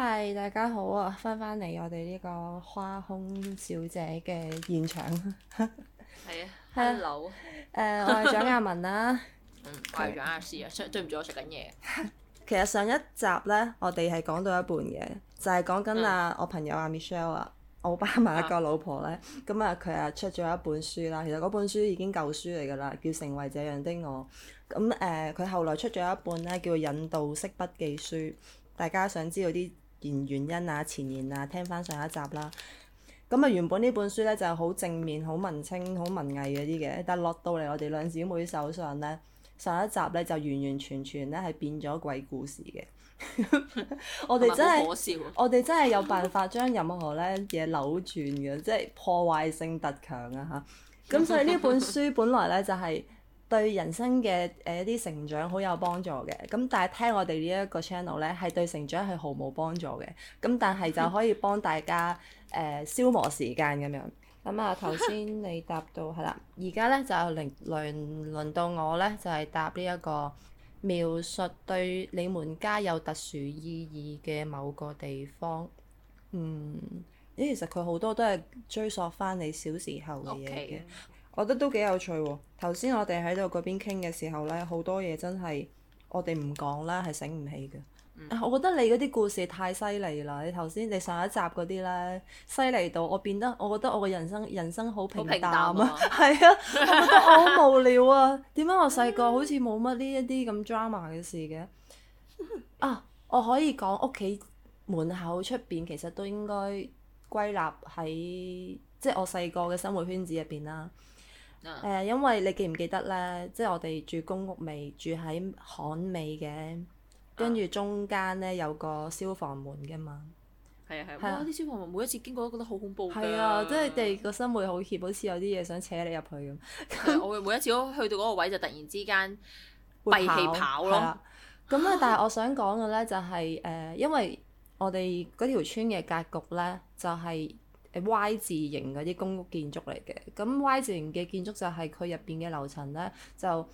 Hi，大家好啊，翻翻嚟我哋呢個花空小姐嘅現場。係 啊 Hey ,，hello。誒，我係蔣亞文啦。嗯，怪唔做啱啊，衰對唔住，我食緊嘢。其實上一集咧，我哋係講到一半嘅，就係講緊啊，我朋友啊 Michelle 啊，奧巴馬一個老婆咧，咁啊佢啊、 嗯、出咗一本書啦。其實嗰本書已經舊書嚟噶啦，叫《成為這樣的我》嗯。咁、呃、誒，佢後來出咗一本咧，叫《引導式筆記書》，大家想知道啲。件原因啊，前言啊，聽翻上，上一集啦。咁啊，原本呢本書咧就係好正面、好文青、好文藝嗰啲嘅，但落到嚟我哋兩姊妹手上咧，上一集咧就完完全全咧係變咗鬼故事嘅。 我哋真係我哋真係有辦法將任何咧嘢扭轉嘅， 即係破壞性特強啊！吓，咁所以呢本書本來咧就係、是。對人生嘅誒一啲成長好有幫助嘅，咁但係聽我哋呢一個 channel 呢，係對成長係毫無幫助嘅。咁但係就可以幫大家誒、 呃、消磨時間咁樣。咁啊頭先你答到係啦，而家 呢，就輪輪輪到我呢，就係、是、答呢、這、一個描述對你們家有特殊意義嘅某個地方。嗯，咦其實佢好多都係追溯翻你小時候嘅嘢嘅。Okay. 我覺得都幾有趣喎！頭先我哋喺度嗰邊傾嘅時候呢，好多嘢真係我哋唔講啦，係醒唔起嘅。我覺得你嗰啲故事太犀利啦！你頭先你上一集嗰啲呢，犀利到我變得我覺得我嘅人生人生好平淡啊！係啊，我覺得我好無聊啊！點解 我細個好似冇乜呢一啲咁 drama 嘅事嘅？ 啊，我可以講屋企門口出邊，其實都應該歸納喺即係我細個嘅生活圈子入邊啦。誒，uh, 因為你記唔記得咧？即係我哋住公屋未？住喺巷尾嘅？跟住、uh, 中間咧有個消防門㗎嘛。係啊係啊。啊哇！啲消防門每一次經過都覺得好恐怖㗎。係啊，即係你個心會好怯，好似有啲嘢想扯你入去咁 啊。我每一次去到嗰個位，就突然之間閉氣跑咯。咁啊， 但係我想講嘅咧，就係誒，因為我哋嗰條村嘅格局咧，就係、是。Y 字形嗰啲公屋建築嚟嘅，咁 Y 字形嘅建築就係佢入邊嘅樓層呢，就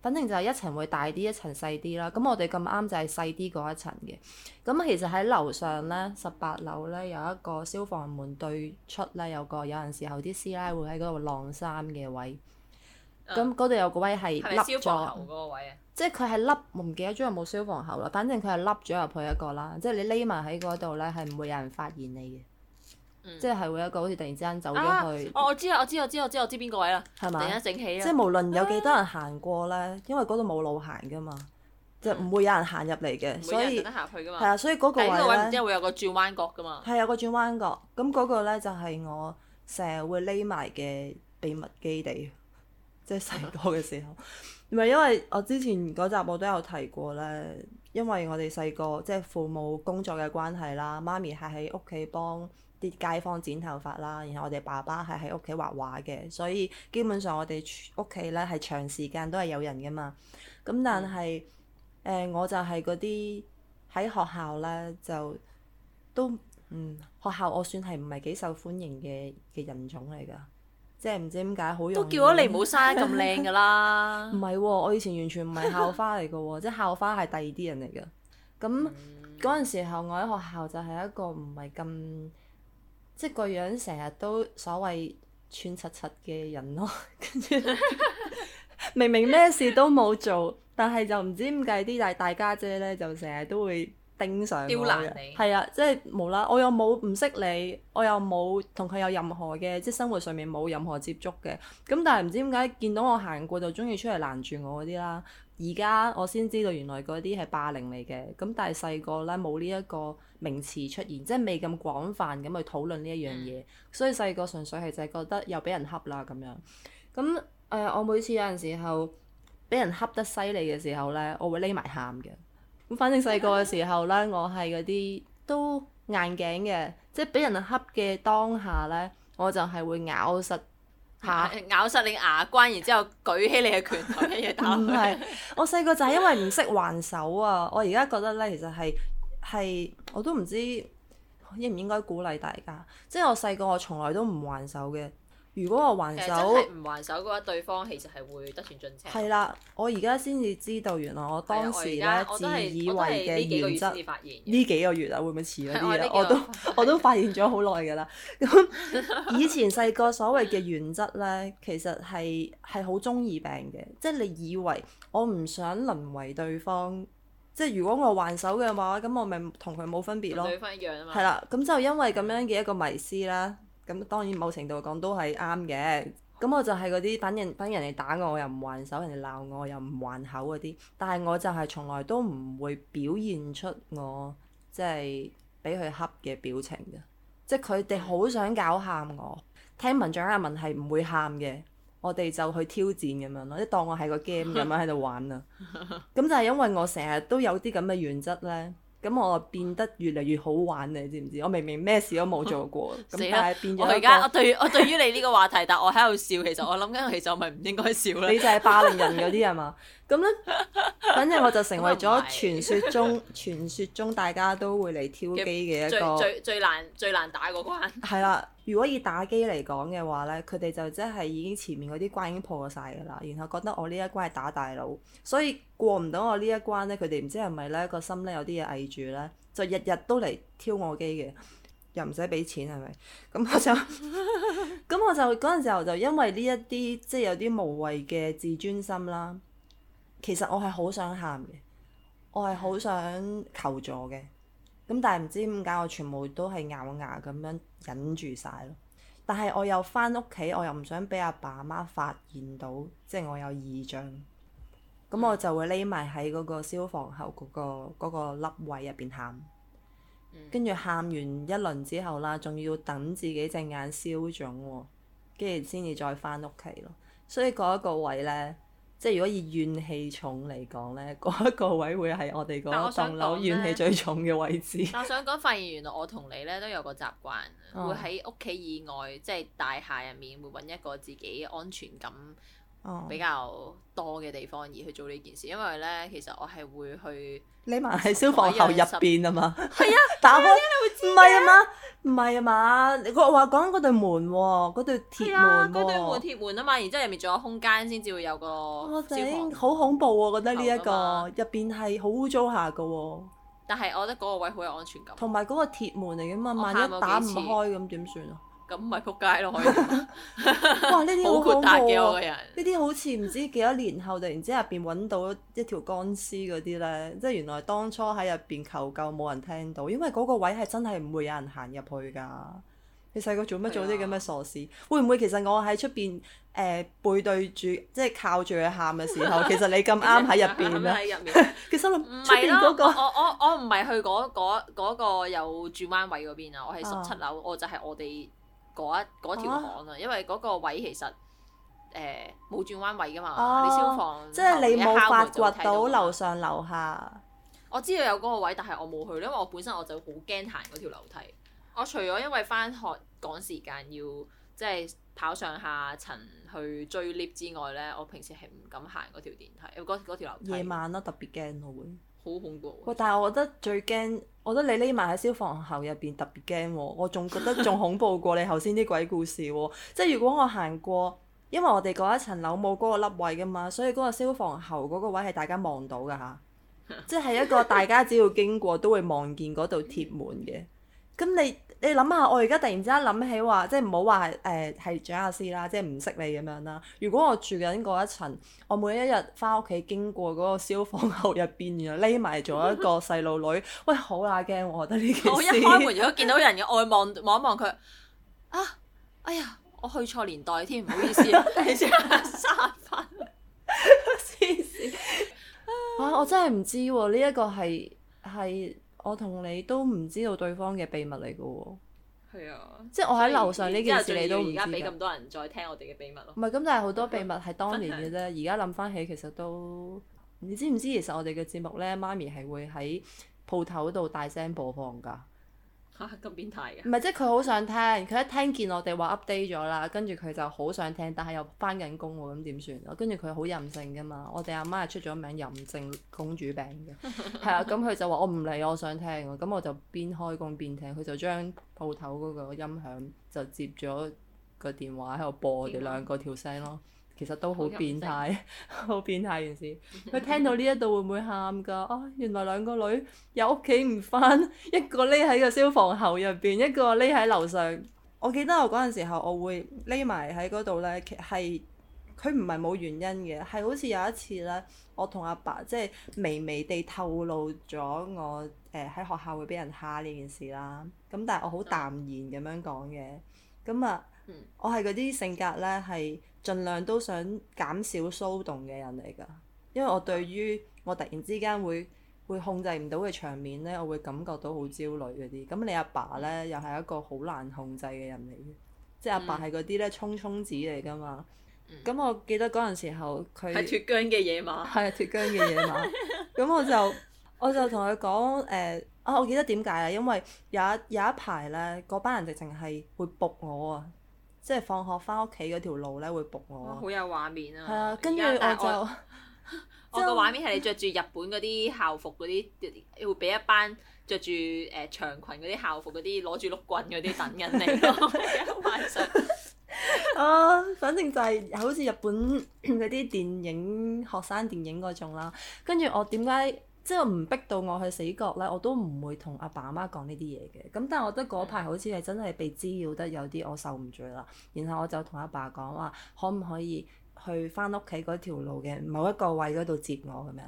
反正就係一層會大啲，一層細啲啦。咁我哋咁啱就係細啲嗰一層嘅。咁其實喺樓上呢，十八樓呢，有一個消防門對出呢，有個有陣時候啲師奶會喺嗰度晾衫嘅位。咁嗰度有個位係凹咗個位啊，即係佢係凹，唔記得咗有冇消防口啦。反正佢係凹咗入去一個啦，即係你匿埋喺嗰度呢，係唔會有人發現你嘅。即係會有一個好似突然之間走咗去，啊、哦我知啊我知我知我知我知邊個位啦，係嘛吧突然醒起啊！即係無論有幾多人行過咧，啊、因為嗰度冇路行噶嘛，即、嗯、就唔會有人行入嚟嘅，所以去噶嘛。係啊，所以嗰個位即係會有個轉彎角噶嘛。係有個轉彎角，咁、那、嗰個咧就係我成日會匿埋嘅秘密基地，即係細個嘅時候。唔係、嗯、 因為我之前嗰集我都有提過咧，因為我哋細個即係父母工作嘅關係啦，媽咪係喺屋企幫。啲街坊剪頭髮啦，然後我哋爸爸係喺屋企畫畫嘅，所以基本上我哋屋企咧係長時間都係有人噶嘛。咁但係誒、嗯呃，我就係嗰啲喺學校咧，就都嗯，學校我算係唔係幾受歡迎嘅嘅人種嚟噶，即係唔知點解好用都叫咗你唔好嘥咁靚噶啦。唔係喎，我以前完全唔係校花嚟噶喎， 即係校花係第二啲人嚟噶。咁嗰陣時候我喺學校就係一個唔係咁。即個樣成日都所謂串柒柒嘅人咯，跟住明明咩事都冇做，但係就唔知點解啲，大大家姐咧就成日都會盯上我。刁難你係啊，即係無啦，我又冇唔識你，我又冇同佢有任何嘅即生活上面冇任何接觸嘅，咁但係唔知點解見到我行過就中意出嚟攔住我嗰啲啦。而家我先知道原來嗰啲係霸凌嚟嘅，咁但係細個咧冇呢一個名詞出現，即係未咁廣泛咁去討論呢一樣嘢，嗯、所以細個純粹係就係覺得又俾人恰啦咁樣。咁誒、呃，我每次有陣時候俾人恰得犀利嘅時候呢， 我會匿埋喊嘅。咁反正細個嘅時候呢，我係嗰啲都硬頸嘅，即係俾人恰嘅當下呢，我就係會咬實，咬咬實你牙關，然之後舉起你嘅拳頭，唔係，我細個就係因為唔識還手啊！我而家覺得呢，其實係。係，我都唔知應唔應該鼓勵大家。即係我細個，我從來都唔還手嘅。如果我還手，真係唔還手嘅話，對方其實係會得寸進尺。係啦，我而家先至知道，原來我當時咧自以為嘅原則，呢幾，幾個月啊，會唔會遲咗啲啊？我，我都的我都發現咗好耐噶啦。咁 以前細個所謂嘅原則咧，其實係係好中二病嘅，即係你以為我唔想淪為對方。即係如果我還手嘅話，咁我咪同佢冇分別咯。係啦、嗯，咁、嗯嗯、就因為咁樣嘅一個迷思啦。咁、嗯、當然某程度講都係啱嘅。咁我就係嗰啲，反正等人哋打我，我又唔還手，人哋鬧我又唔還口嗰啲。但係我就係從來都唔會表現出我即係俾佢恰嘅表情㗎。即係佢哋好想搞喊我，聽聞張亞文係唔會喊嘅。我哋就去挑戰咁樣咯，即係當我係個 game 咁樣喺度玩啊，咁就係因為我成日都有啲咁嘅原則咧，咁我變得越嚟越好玩，你知唔知？我明明咩事都冇做過，咁 了但係變咗。我而家我對我對於你呢個話題，但係我喺度笑。其實我諗緊，其實我咪唔應該笑咧。你就係霸凌人嗰啲係嘛？咁咧， 呢 反正我就成為咗傳説中 傳説中大家都會嚟挑機嘅一個最最最難最難打嗰關。係啦。 如果以打機嚟講嘅話呢，佢哋就即係已經前面嗰啲關已經破晒㗎啦，然後覺得我呢一關係打大佬，所以過唔到我呢一關呢，佢哋唔知係咪呢個心呢有啲嘢翳住呢，就日日都嚟挑我機嘅，又唔使俾錢係咪？咁我就咁 我就嗰陣時候就因為呢一啲即係有啲無謂嘅自尊心啦，其實我係好想喊嘅，我係好想求助嘅。咁但係唔知點解，我全部都係咬牙咁樣忍住晒咯。但係我又翻屋企，我又唔想俾阿爸阿媽發現到，即係我有異像。咁我就會匿埋喺嗰個消防喉嗰個嗰個凹位入邊喊，跟住喊完一輪之後啦，仲要等自己隻眼消腫，跟住先至再翻屋企咯。所以嗰一個位呢。即係如果以怨氣重嚟講呢，嗰一個位會係我哋嗰棟樓怨氣最重嘅位置。但我想講 發現，原來我同你呢都有個習慣，嗯、會喺屋企以外，即係大廈入面，會揾一個自己安全感。哦、比較多嘅地方而去做呢件事，因為咧其實我係會去你匿埋喺消防口入邊啊嘛，係啊，打開唔係啊嘛，唔係啊嘛，你我話講嗰對門喎，啊，嗰對鐵門，啊，嗰、啊、對門鐵門啊嘛，然之後入面仲有空間先至會有個消防，好恐怖啊！我覺得呢一個入邊係好污糟下噶，但係我覺得嗰個位好有安全感，同埋嗰個鐵門嚟噶嘛，萬一打唔開咁點算啊？咁咪撲街咯！ 哇，呢啲好闊大嘅屋企人，呢啲好似唔知幾多年後突然之間入邊揾到一條乾屍嗰啲咧，即係原來當初喺入邊求救冇人聽到，因為嗰個位係真係唔會有人行入去㗎。你細個做乜做啲咁嘅傻事？的會唔會其實我喺出邊誒背對住，即係靠住佢喊嘅時候， 其實你咁啱喺入邊咧？ 其實諗出邊嗰個，我我我唔係去嗰個有轉彎位嗰邊啊，我係十七樓，我就係我哋。嗰一嗰條巷啊，因為嗰個位其實誒冇、呃、轉彎位噶嘛，啊、你消防、哦、即係你冇發掘到樓上樓下。我知道有嗰個位，但係我冇去，因為我本身我就好驚行嗰條樓梯。我除咗因為返學趕時間要即係、就是、跑上下層去追 lift 之外咧，我平時係唔敢行嗰條電梯，嗰嗰條樓梯。夜晚啦，特別驚咯會。好恐怖！但係我覺得最驚，我覺得你匿埋喺消防喉入邊特別驚，我仲覺得仲恐怖過你頭先啲鬼故事 即係如果我行過，因為我哋嗰一層樓冇嗰個凹位噶嘛，所以嗰個消防喉嗰個位係大家望到噶嚇，即係一個大家只要經過都會望見嗰度鐵門嘅。咁你？你諗下，我而家突然之間諗起話，即係唔好話，誒係蔣亞詩啦，即係唔識你咁樣啦。如果我住緊嗰一層，我每一日翻屋企經過嗰個消防口入邊，然後匿埋咗一個細路女， 喂好吓驚，我覺得呢件事。我一開門如果見到人嘅，我會望望一望佢。啊，哎呀，我去錯年代添，唔好意思，刪翻。試啊，我真係唔知呢一個係係。我同你都唔知道對方嘅秘密嚟㗎喎，係啊，即係我喺樓上呢件事你都唔知㗎。而家俾咁多人再聽我哋嘅秘密咯。唔係，咁但係好多秘密係當年嘅啫。而家諗翻起其實都，你知唔知其實我哋嘅節目呢，媽咪係會喺鋪頭度大聲播放㗎？嚇咁、啊、變態嘅、啊！唔係，即係佢好想聽，佢一聽見我哋話 update 咗啦，跟住佢就好想聽，但係又翻緊工喎，咁點算啊？跟住佢好任性噶嘛，我哋阿媽係出咗名任性公主病嘅，係啊， 咁佢就話我唔理我想聽，咁我就邊開工邊聽，佢就將鋪頭嗰個音響就接咗個電話喺度播我哋兩個條聲咯。 其實都好變態，好 變態件事。佢 聽到呢一度會唔會喊㗎？哦，原來兩個女有屋企唔返，一個匿喺個消防喉入邊，一個匿喺樓上。 我記得我嗰陣時候，我會匿埋喺嗰度呢。其係佢唔係冇原因嘅，係好似有一次呢，我同阿爸即係、就是、微微地透露咗我誒喺、呃、學校會俾人蝦呢件事啦。咁但係我好淡然咁樣講嘅。咁啊～我係嗰啲性格呢，係盡量都想減少騷動嘅人嚟㗎。因為我對於我突然之間會會控制唔到嘅場面呢，我會感覺到好焦慮嗰啲。咁你阿爸，爸呢，又係一個好難控制嘅人嚟嘅，即係阿爸係嗰啲呢，衝衝子嚟㗎嘛。咁、嗯、我記得嗰陣時候，佢係脫韁嘅野馬，係脫韁嘅野馬。咁 我就我就同佢講誒啊！我記得點解啊？因為有一有一排呢，嗰班人直情係會撲我啊。即係放學翻屋企嗰條路咧，會僕我。好、啊、有畫面啊！係啊，跟住我就我個就畫面係你着住日本嗰啲校服嗰啲， 會俾一班着住誒、呃、長裙嗰啲校服嗰啲攞住碌棍嗰啲等人你咯。 啊，反正就係好似日本嗰啲電影 學生電影嗰種啦。跟住我點解？即係唔逼到我去死角咧，我都唔會同阿爸阿媽講呢啲嘢嘅。咁但係我覺得嗰排好似係真係被滋擾得有啲，我受唔住啦。然後我就同阿爸講話，可唔可以去返屋企嗰條路嘅某一個位嗰度接我咁樣。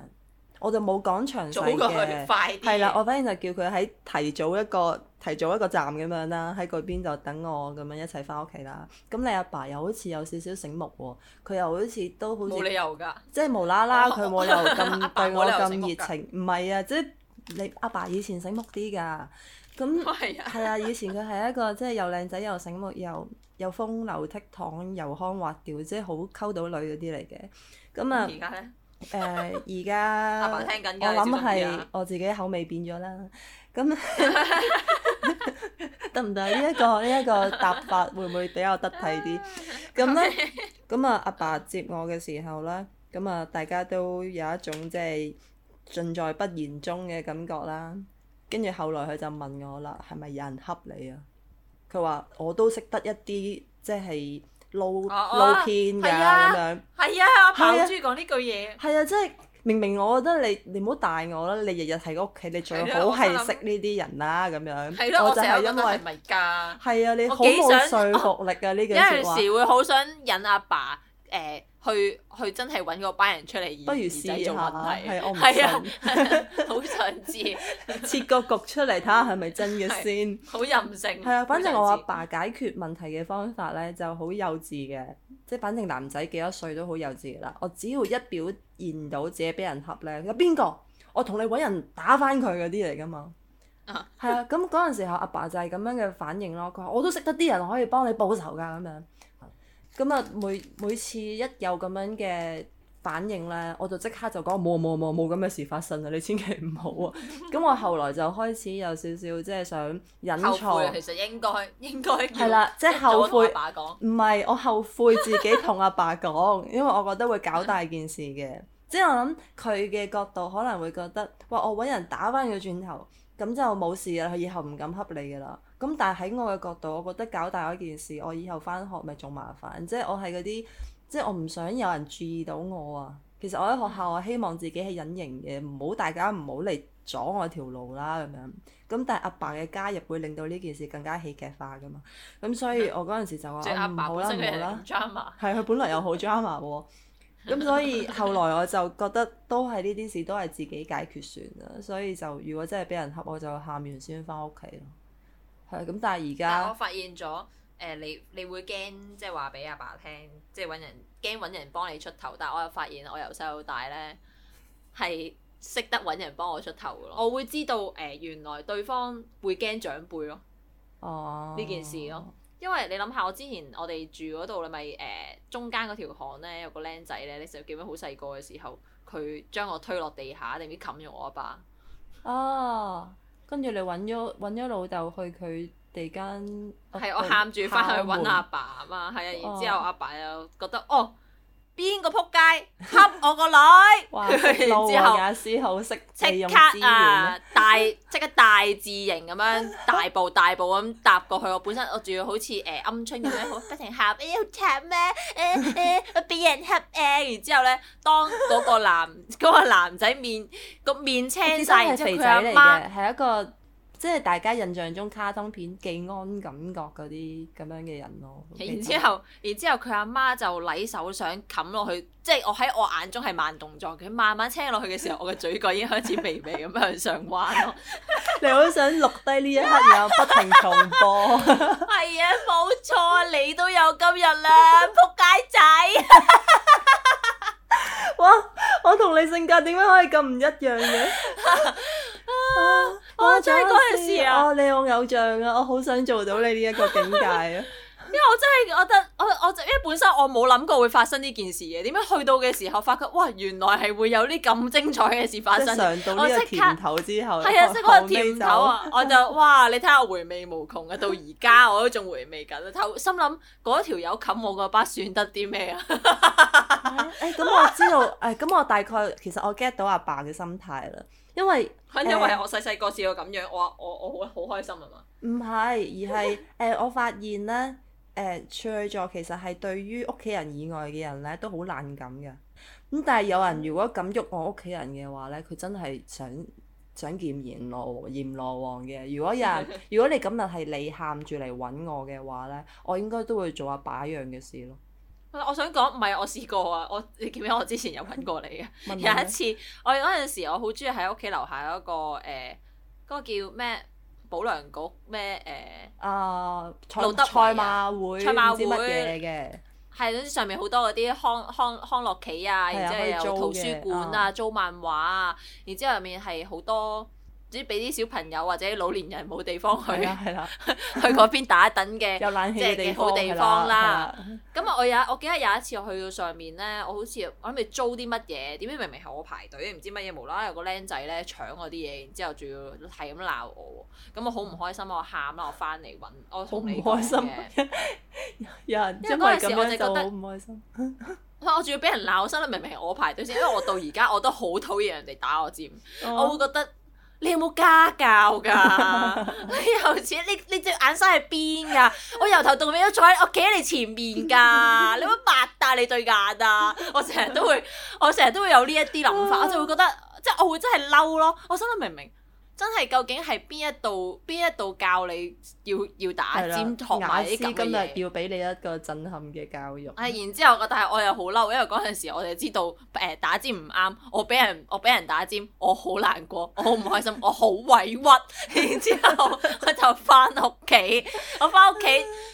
我就冇講詳細嘅，係啦，的點我反正就叫佢喺提早一個提早一個站咁樣啦，喺嗰邊就等我咁樣一齊翻屋企啦。咁你阿爸，爸又好似有少少醒目喎、哦，佢又好似都好似冇理由㗎，即係無啦啦佢冇又咁對我咁熱情。唔係啊，即係你阿爸，爸以前醒目啲㗎。咁係啊，以前佢係一個即係又靚仔又醒目又又風流倜儻又腔滑調，即係好溝到女嗰啲嚟嘅。咁啊，而家咧？誒，而家我諗想係我自己口味變咗啦，咁得唔得？呢一、 這個呢一、這個答法會唔會比較得體啲？咁咧 呢，咁啊阿爸接我嘅時候咧，咁啊大家都有一種即係、就是、盡在不言中嘅感覺啦。跟住後來佢就問我啦，係咪有人恰你啊？佢話我都識得一啲，即、就、係、是。露、哦、露偏㗎咁樣，係啊！啊我爸好中意講呢句嘢。係啊，即係、啊、明明我覺得你你唔好帶我啦，你日日喺屋企，你最好係、啊、識呢啲人啦、啊、咁樣。係咯、啊啊，我就係因為係啊，你好冇說服力啊。呢句說話。有陣、啊、時會好想引阿爸，爸。誒，去去真係揾嗰班人出嚟而，不如試下做問題，係我唔信，好想知設個局出嚟睇下係咪真嘅先，好 任性。係啊， 反正我阿爸解決問題嘅方法呢就好幼稚嘅，即係 反正男仔幾多歲都好幼稚啦。我只要一表現到自己俾人恰呢，有邊個我同你揾人打翻佢嗰啲嚟㗎嘛。啊， 係啊，咁嗰陣時候阿爸就係咁樣嘅反應咯。佢話我都識得啲人可以幫你報仇㗎，咁樣。咁啊，每每次一有咁樣嘅反應咧，我就即刻就講冇冇冇冇咁嘅事發生啊！你千祈唔好啊！咁 我後來就開始有少少即係想隱藏。其實應該應該。係啦，即係後悔。唔係，我後悔自己同阿爸講， 因為我覺得會搞大件事嘅。 即係我諗佢嘅角度可能會覺得，哇！我揾人打翻佢轉頭，咁就冇事啦，佢以後唔敢恰你噶啦。咁但係喺我嘅角度，我覺得搞大咗件事，我以後翻學咪仲麻煩。即係我係嗰啲，即係我唔想有人注意到我啊。其實我喺學校，我希望自己係隱形嘅，唔好大家唔好嚟阻我條路啦。咁樣咁，但係阿爸嘅加入會令到呢件事更加戲劇化噶嘛。咁所以，我嗰陣時就話唔好啦，唔好啦，係佢本來又好 drama 喎、啊。咁 所以後來我就覺得都係呢啲事都係自己解決算啦。所以就如果真係俾人恰，我就喊完先翻屋企咯。係咁，但係而家，但我發現咗，誒、呃，你你會驚，即係話俾阿爸聽，即係揾人驚揾人幫你出頭。但係我又發現，我由細到大咧係識得揾人幫我出頭咯。我會知道，誒、呃，原來對方會驚長輩咯。哦，呢件事咯，因為你諗下，我之前我哋住嗰度咧，咪誒、呃、中間嗰條巷咧有個僆仔咧，你成日記得好細個嘅時候，佢將我推落地下定唔知冚咗我阿爸，爸。哦。Oh. 跟住你揾咗揾咗老豆去佢哋間，係我喊住翻去揾阿爸啊嘛，係 啊，爸爸 然之後阿爸，爸又覺得哦。Oh. Oh. 邊個撲街恰我個女？哇，老王老師好識，即刻啊，啊 大即刻大字型咁樣大步大步咁踏過去。我本身我仲要好似誒鵪鶉咁樣好不停喊：「哎好柒咩？誒、哎、誒，俾、哎哎、人恰誒、啊。然之後咧，當嗰個男嗰 個男仔面個面，面青晒，然之後佢阿媽係一個。即係大家印象中卡通片既安感覺嗰啲咁樣嘅人咯。然之後，然之後佢阿媽就攆手想冚落去，即係我喺我眼中係慢動作嘅，慢慢車落去嘅時候，我嘅嘴角已經開始微微咁向上彎咯。 你好想錄低呢一刻，然後不停重播。係 啊， 冇錯，你都有今日啦，仆街仔！ 哇！我同你性格點解可以咁唔一樣嘅？ 我真係嗰陣時啊，你好偶像啊！我好想做到你呢一個境界啊！因為我真係覺得我我，因為本身我冇諗過會發生呢件事嘅，點解去到嘅時候發覺，哇！原來係會有啲咁精彩嘅事發生。我到甜頭之後，係啊，即嗰個甜頭啊！我就哇！你睇下回味無窮啊！到而家我都仲回味緊啊！頭心諗嗰條友冚我個巴算得啲咩啊？誒，咁我知道誒，咁我大概其實我 get 到阿爸嘅心態啦。因為，因為我細細個試過咁樣，呃、我我我好好開心啊嘛。唔係，而係誒、 呃，我發現咧，誒、呃，處女座其實係對於屋企人以外嘅人咧都好冷感嘅。咁但係有人如果敢喐我屋企人嘅話咧，佢真係想想見閻羅閻羅王嘅。如果有人， 如果你今日係你喊住嚟搵我嘅話咧，我應該都會做阿擺樣嘅事咯。我想講唔係，我試過啊！我你記唔記得我之前有揾過你嘅？ 你呢有一次，我嗰陣時我好中意喺屋企樓下嗰個誒，嗰、呃嗰個叫咩保良局咩誒啊？賽馬會賽馬會乜嘢嘅？係，總之上面好多嗰啲康康康樂棋啊，然之後有圖書館啊，uh. 租漫畫啊，然之後入面係好多。直接俾啲小朋友或者老年人冇地方去，去嗰邊打等嘅，有冷氣嘅好地方啦。咁啊，我有我記得有一次我去到上面呢，我好似我諗住租啲乜嘢，點知明明係我排隊，唔知乜嘢無啦啦有個僆仔咧搶我啲嘢，然之後仲要係咁鬧我，咁我好唔開心，我喊啦，我翻嚟揾我同你講嘅，好唔開心，因為嗰陣時我就覺得唔開心，我仲要俾人鬧，我明明係我排隊先，因為我到而家我都好討厭人哋打我尖。我會覺得。你有冇家教噶？ 你有錢，你你隻眼生喺邊噶？我由頭到尾都坐喺我企喺你前面噶， 你會擘大你對眼啊？ 我成日都會，我成日都會有呢一啲諗法，我就會覺得，即係我真會真係嬲咯。我心諗明唔明？真係究竟係邊一度邊一度教你要要打尖同埋啲咁嘅嘢？要俾你一個震撼嘅教育。係然之後，但係我又好嬲，因為嗰陣時我哋知道誒、呃、打尖唔啱，我俾人我俾人打尖，我好難過，我好唔開心，我好委屈。 然之後我就翻屋企，我翻屋企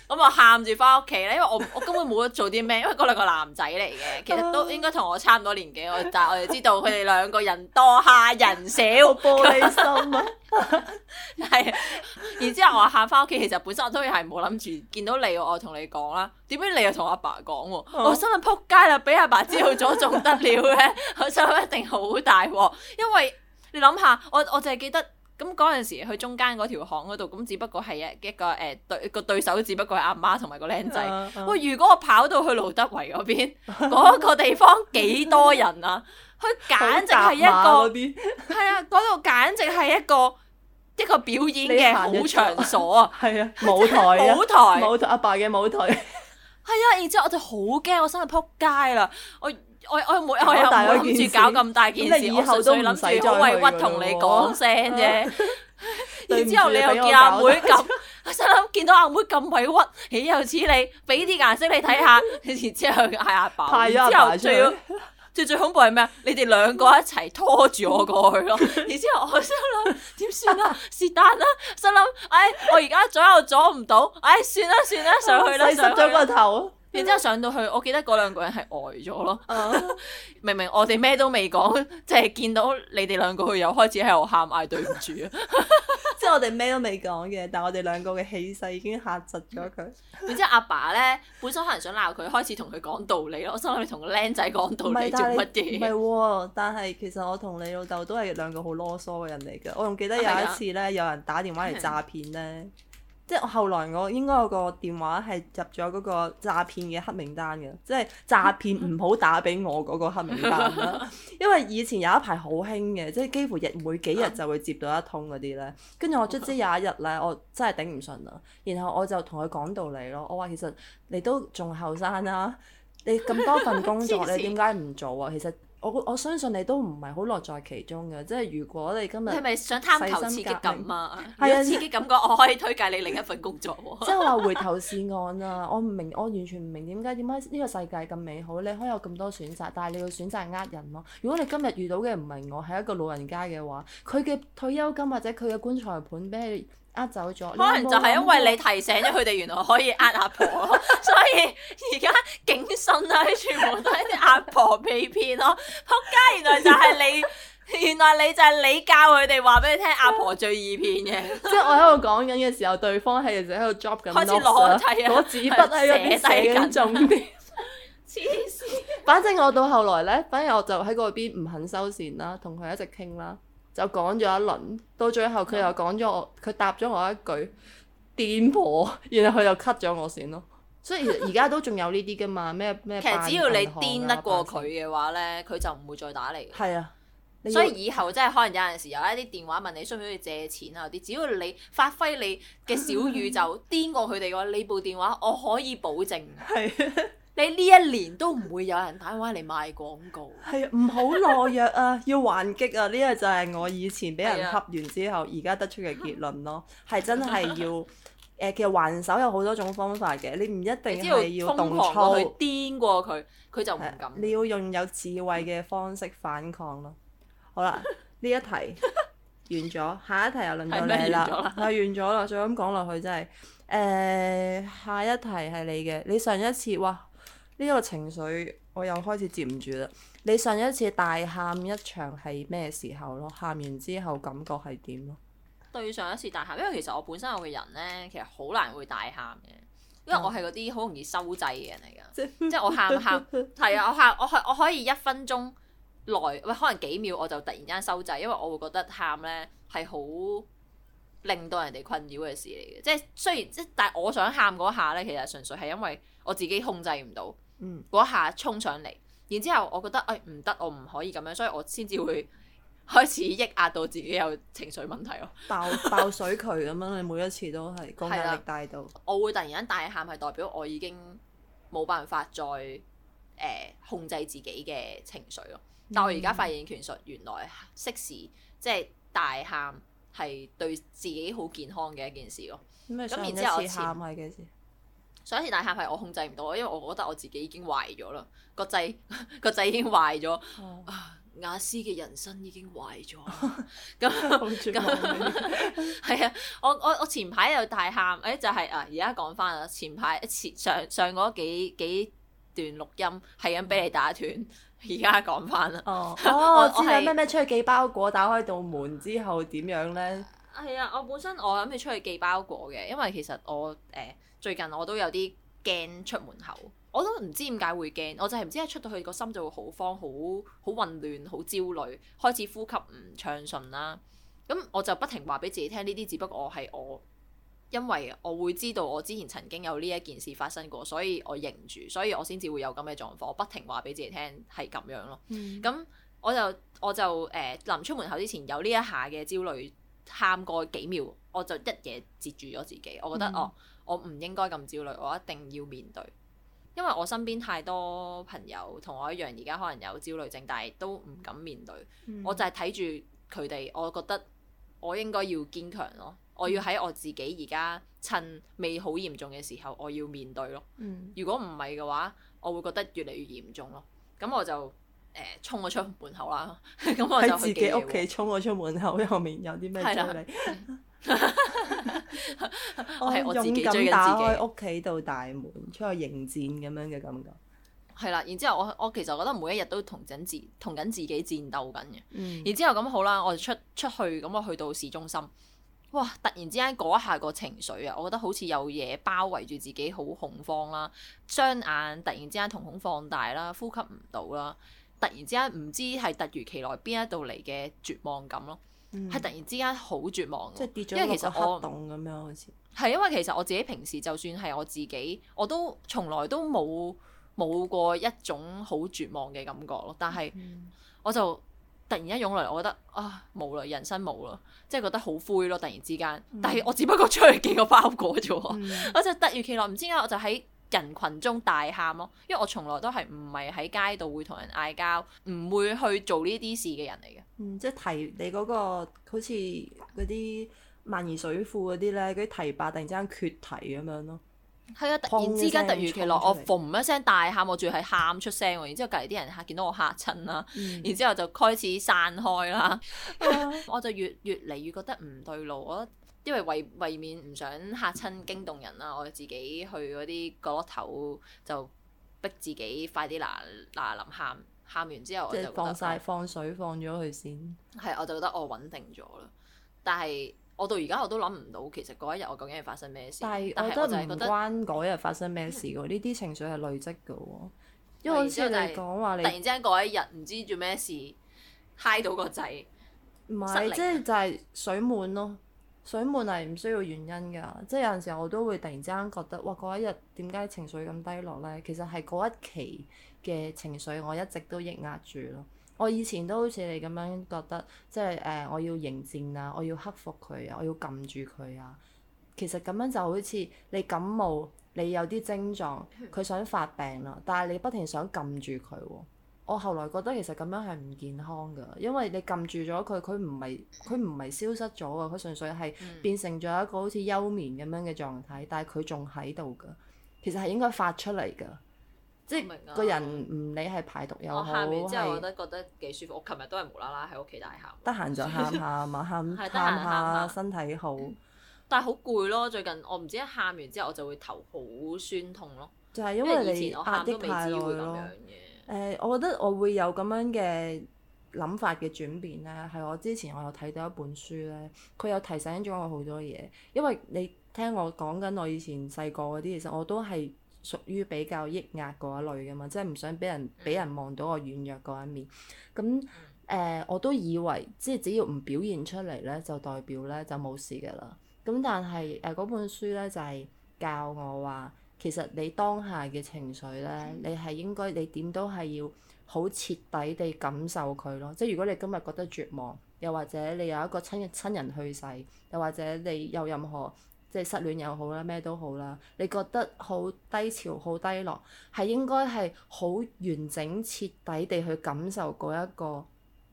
咁啊喊住翻屋企咧，因為我我根本冇得做啲咩，因為嗰兩個男仔嚟嘅，其實都應該同我差唔多年紀，我但係我哋知道佢哋兩個人多蝦人少，玻璃心。 係， 然之後我喊翻屋企，其實本身我都係冇諗住見到你，我同你講啦。點解你又同阿爸講？我心諗撲街啦！俾阿爸，爸知道咗，仲得了嘅。我心諗一定好大鑊，因為你諗下，我我淨係記得。咁嗰陣時，去中間嗰條巷嗰度，咁只不過係一一個誒對個對手，只不過係阿媽同埋個靚仔。喂、uh, uh.，如果我跑到去盧德圍嗰邊，嗰 個地方幾多人啊？佢簡直係一個，係 那邊 啊，嗰度簡直係一個一個表演嘅好場所啊！係 啊，舞台啊， 舞台，阿爸嘅舞台。係 啊，然之後我就好驚，我心裏撲街啦！我。我我又冇，我又冇諗住搞咁大件事，我純粹諗住好委屈同你講聲啫。然之後你又見阿妹咁，心諗見到阿妹咁委屈，豈有此理？俾啲顏色你睇下。然之後嗌阿爸，然之後仲要最最恐怖係咩？你哋兩個一齊拖住我過去咯。然之後我心諗點算啊？是但啦，心諗誒，我而家左右阻唔到，誒算啦算啦，上去啦上去啦。然之後上到去，我記得嗰兩個人係呆咗咯。哈哈 uh, 明明我哋咩都未講，即係見到你哋兩個，佢又開始喺度喊嗌對唔住。 即係我哋咩都未講嘅，但係我哋兩個嘅氣勢已經嚇窒咗佢。嗯、 然之後阿爸咧，本身可能想鬧佢，開始同佢講道理咯。我心諗你同個僆仔講道理做乜嘢？唔係，但係其實我同你老豆都係兩個好囉嗦嘅人嚟㗎。我仲記得有一次咧，有人打電話嚟詐騙咧。 即係我後來我應該有個電話係入咗嗰個詐騙嘅黑名單嘅，即係即係詐騙唔好打俾我嗰個黑名單啦。因為以前有一排好興嘅，即係幾乎日每幾日就會接到一通嗰啲咧。跟住我卒之有一日咧，我真係頂唔順啦。然後我就同佢講道理咯，我話其實你都仲後生啦，你咁多份工作你點解唔做啊？其實。我我相信你都唔係好樂在其中嘅，即係如果你今日，係咪想探求刺激感啊？係啊，刺激感覺， 我可以推介你另一份工作啊。即係話回頭是岸啊！我唔明，我完全唔明點解點解呢個世界咁美好，你可以有咁多選擇，但係你要選擇呃人咯啊。如果你今日遇到嘅唔係我，係一個老人家嘅話，佢嘅退休金或者佢嘅棺材盤俾你。呃走咗，可能就係因為你提醒咗佢哋原來可以呃阿婆， 所以而家警訊啦、啊，全部都係啲阿婆被騙咯、啊。仆街，原來就係你， 原來你就係你教佢哋話俾你聽阿婆最易騙嘅。即係我喺度講緊嘅時候，對方係就喺度 drop 緊 notes 啦，攞紙筆喺一邊寫緊重點。黐線 病！ 反正我到後來咧，反正我就喺嗰邊唔肯收線啦，同佢一直傾啦。就講咗一輪，到最後佢又講咗我，佢答咗我一句癲婆、嗯，然後佢又 cut 咗我線咯。 所以而家都仲有呢啲噶嘛？咩咩？啊、其實只要你癲得過佢嘅話呢，佢就唔會再打嚟。係啊，所以以後真、就、係、係、可能有陣時有一啲電話問你需唔需要借錢啊啲，只要你發揮你嘅小宇宙，癲過佢哋嘅話，你部電話我可以保證。係你呢一年都唔會有人打電話嚟賣廣告 。係啊，唔好懦弱啊，要還擊啊！呢個就係我以前俾人恰完之後，而家得出嘅結論咯。係真係要誒、呃，其實還手有好多種方法嘅，你唔一定係要動粗，顛過佢，佢就唔敢。你要用有智慧嘅方式反抗咯。好啦，呢 一題完咗，下一題又輪到你啦。係完咗啦，再咁講落去真係誒、呃，下一題係你嘅。你上一次哇～哇呢個情緒我又開始接唔住啦！你上一次大喊一場係咩時候咯？喊完之後感覺係點咯？對上一次大喊，因為其實我本身我個人呢，其實好難會大喊嘅，因為我係嗰啲好容易收掣嘅人嚟㗎。 即係我喊喊係啊！我喊我可我可以一分鐘內喂，可能幾秒我就突然之間收掣，因為我會覺得喊呢係好令到人哋困擾嘅事嚟嘅。即係雖然即但係我想喊嗰下呢，其實純粹係因為我自己控制唔到。嗯，嗰下衝上嚟，然之後我覺得，哎，唔得，我唔可以咁樣，所以我先至會開始抑壓到自己有情緒問題咯。爆爆水渠咁樣， 你每一次都係壓力大到，我會突然間大喊，係代表我已經冇辦法再誒、呃、控制自己嘅情緒咯。但我而家發現其實原來適時、嗯、即係大喊係對自己好健康嘅一件事咯。咁然之後，我喊係幾時？上一次大喊係我控制唔到，因為我覺得我自己已經壞咗啦，個掣個掣已經壞咗啊！雅思嘅人生已經壞咗咁咁，係啊！我我我前排又大喊，誒就係、是、啊！而家講翻啦，前排前上上嗰幾，幾段錄音係咁俾你打斷，而家講翻啦。哦， 我，我，我知啦是，咩咩出去寄包裹，打開道門之後點樣咧？係啊，我本身我諗住出去寄包裹嘅，因為其實我誒。呃最近我都有啲驚出門口，我都唔知點解會驚，我就係唔知一出到去個心就會好慌、好好混亂、好焦慮，開始呼吸唔暢順啦。咁我就不停話俾自己聽，呢啲只不過我係我，因為我會知道我之前曾經有呢一件事發生過，所以我認住，所以我先至會有咁嘅狀況。我不停話俾自己聽係咁樣咯。咁我就我就誒、呃、臨出門口之前有呢一下嘅焦慮喊過幾秒，我就一嘢截住咗自己，我覺得哦。嗯我唔應該咁焦慮，我一定要面對，因為我身邊太多朋友同我一樣，而家可能有焦慮症，但係都唔敢面對。嗯、我就係睇住佢哋，我覺得我應該要堅強咯，我要喺我自己而家趁未好嚴重嘅時候，我要面對咯。如果唔係嘅話，我會覺得越嚟越嚴重咯。咁我就誒、呃、衝我出門口啦，咁 我就去自己屋企衝咗出門口，後面有啲咩處 我係勇敢打開屋企到大門出去迎戰咁樣嘅感覺。係啦， 然之後我我其實覺得每一日都同緊自同緊自己戰鬥緊嘅。嗯、然之後咁好啦，我出出去，咁我去到市中心，哇！突然之間嗰下個情緒啊，我覺得好似有嘢包圍住自己，好恐慌啦，雙眼突然之間瞳孔放大啦，呼吸唔到啦，突然之間唔知係突如其來邊一度嚟嘅絕望感咯。係突然之間好絕望，即係跌咗一個黑洞咁樣，好似係因為其實我自己平時就算係我自己，我都從來都冇冇過一種好絕望嘅感覺咯。但係我就突然一湧嚟，我覺得啊冇啦，人生冇啦，即係覺得好灰咯。突然之間，但係我只不過出去寄個包裹啫，嗯、 我就突如其來，唔知點解我就喺。人群中大喊咯，因為我從來都係唔係喺街度會同人嗌交，唔會去做呢啲事嘅人嚟嘅。嗯，即係提你嗰、嗰個好似嗰啲萬宜水庫嗰啲咧，嗰啲堤壩突然之間決堤咁樣咯。係啊，突然之間突如其來，我逢一聲大喊，我仲要係喊出聲，然之後隔離啲人嚇見到我嚇親啦，嗯、然之後就開始散開啦，我就越越嚟越覺得唔對路啊！我因為為為免唔想嚇親驚動人啦，我自己去嗰啲角落頭就逼自己快啲嗱嗱臨喊，喊完之後，我就放晒、放水放咗佢先。係，我就覺得我穩定咗啦。但係我到而家我都諗唔到，其實嗰一日我究竟係發生咩事？但係我覺得唔關嗰日發生咩事喎，呢啲情緒係累積嘅喎。因為我知、就係、你講話，你突然之間嗰一日唔知做咩事嗨到個仔，唔係即係就係水滿咯。水悶係唔需要原因㗎，即係有陣時候我都會突然之間覺得，哇！嗰一日點解情緒咁低落呢？其實係嗰一期嘅情緒，我一直都抑壓住咯。我以前都好似你咁樣覺得，即係誒、呃，我要迎戰啊，我要克服佢啊，我要撳住佢啊。其實咁樣就好似你感冒，你有啲症狀，佢想發病啦，但係你不停想撳住佢喎、啊。我後來覺得其實咁樣係唔健康噶，因為你撳住咗佢，佢唔係佢唔係消失咗啊。佢純粹係變成咗一個好似休眠咁樣嘅狀態，但係佢仲喺度噶。其實係應該發出嚟噶，即係個人唔理係排毒又好係。我喊完之後，我都覺得幾舒服。是我琴日都係無啦啦喺屋企大喊。得閒就喊、啊、 下嘛，喊喊 身體好。嗯、但係好攰咯，最近我唔知一喊完之後我就會頭好酸痛咯，就係因，因為以前我喊都未知會咁樣嘅。 誒，uh, 我覺得我會有咁樣嘅諗法嘅轉變咧，係我之前我有睇到一本書咧，佢有提醒咗我好多嘢。因為你聽我講緊我以前細個嗰啲，其實我都係屬於比較抑壓嗰一類嘅嘛，即係唔想俾人俾人望到我軟弱嗰一面。咁誒，uh, 我都以為即係只要唔表現出嚟咧，就代表咧就冇事㗎啦。咁但係誒嗰本書咧就係教我話。其實你當下嘅情緒呢，嗯、你係應該你點都係要好徹底地感受佢咯。即係如果你今日覺得絕望，又或者你有一個親、親人去世，又或者你有任何即係失戀又好啦，咩都好啦，你覺得好低潮、好低落，係應該係好完整、徹底地去感受嗰、嗰、一個嗰、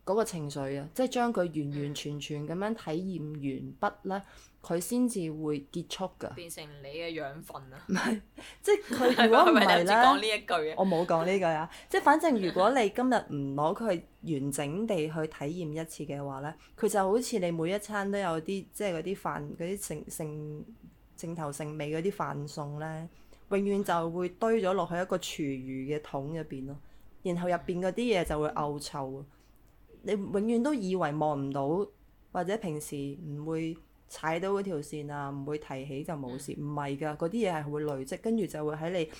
嗰個情緒啊！即係將佢完完全全咁樣體驗完畢啦～、嗯佢先至會結束㗎，變成你嘅養分啊！唔係，即係佢。如果唔係咧， 講呢一句 我冇講呢句啊！即係反正，如果你今日唔攞佢完整地去體驗一次嘅話呢，佢就好似你每一餐都有啲即係嗰啲飯嗰啲剩剩剩頭剩尾嗰啲飯餸呢，永遠就會堆咗落去一個廚餘嘅桶入邊咯。然後入邊嗰啲嘢就會嘔臭。嗯、你永遠都以為望唔到，或者平時唔會踩到嗰條線啊，唔會提起就冇事。唔係㗎，嗰啲嘢係會累積，跟住就會喺你誒、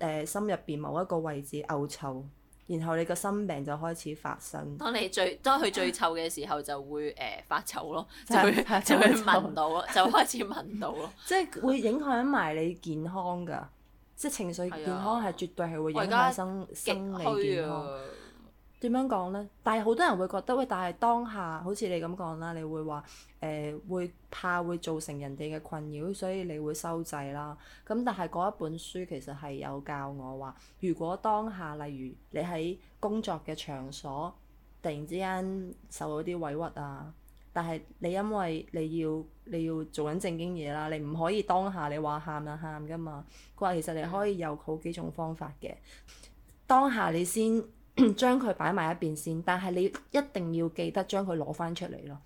呃、心入邊某一個位置嘔、呃、臭，然後你個心病就開始發生。當你最當佢最臭嘅時候就、 呃，就會誒發臭咯，就 就會聞到，就開始聞到咯。 即係會影響埋你健康㗎， 即係情緒健康係絕對係會影響生生理點樣講呢？但係好多人會覺得喂，但係當下好似你咁講啦，你會話誒、呃、會怕會造成人哋嘅困擾，所以你會收掣啦。咁但係嗰一本書其實係有教我話，如果當下例如你喺工作嘅場所，突然之間受到啲委屈啊，但係你因為你要你要做緊正經嘢啦，你唔可以當下你話喊呀喊㗎嘛。佢話其實你可以有好幾種方法嘅，的當下你先。將佢擺埋一邊先，但係你一定要記得將佢攞翻出嚟咯，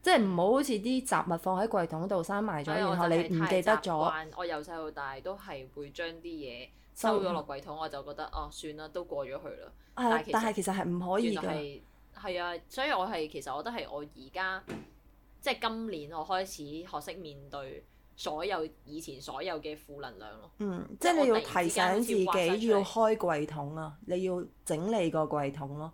即係唔好好似啲雜物放喺櫃桶度閂埋咗，哎、呦然後你唔記得咗、哎。我由細到大都係會將啲嘢收咗落櫃桶，我就覺得哦，算啦，都過咗去啦。但係其實係唔、哎、可以㗎。係啊，所以我係其實我都係我而家即係今年我開始學識面對。所有以前所有嘅負能量咯，嗯，即係你要提醒自己要開櫃桶啊，你要整理個櫃桶咯。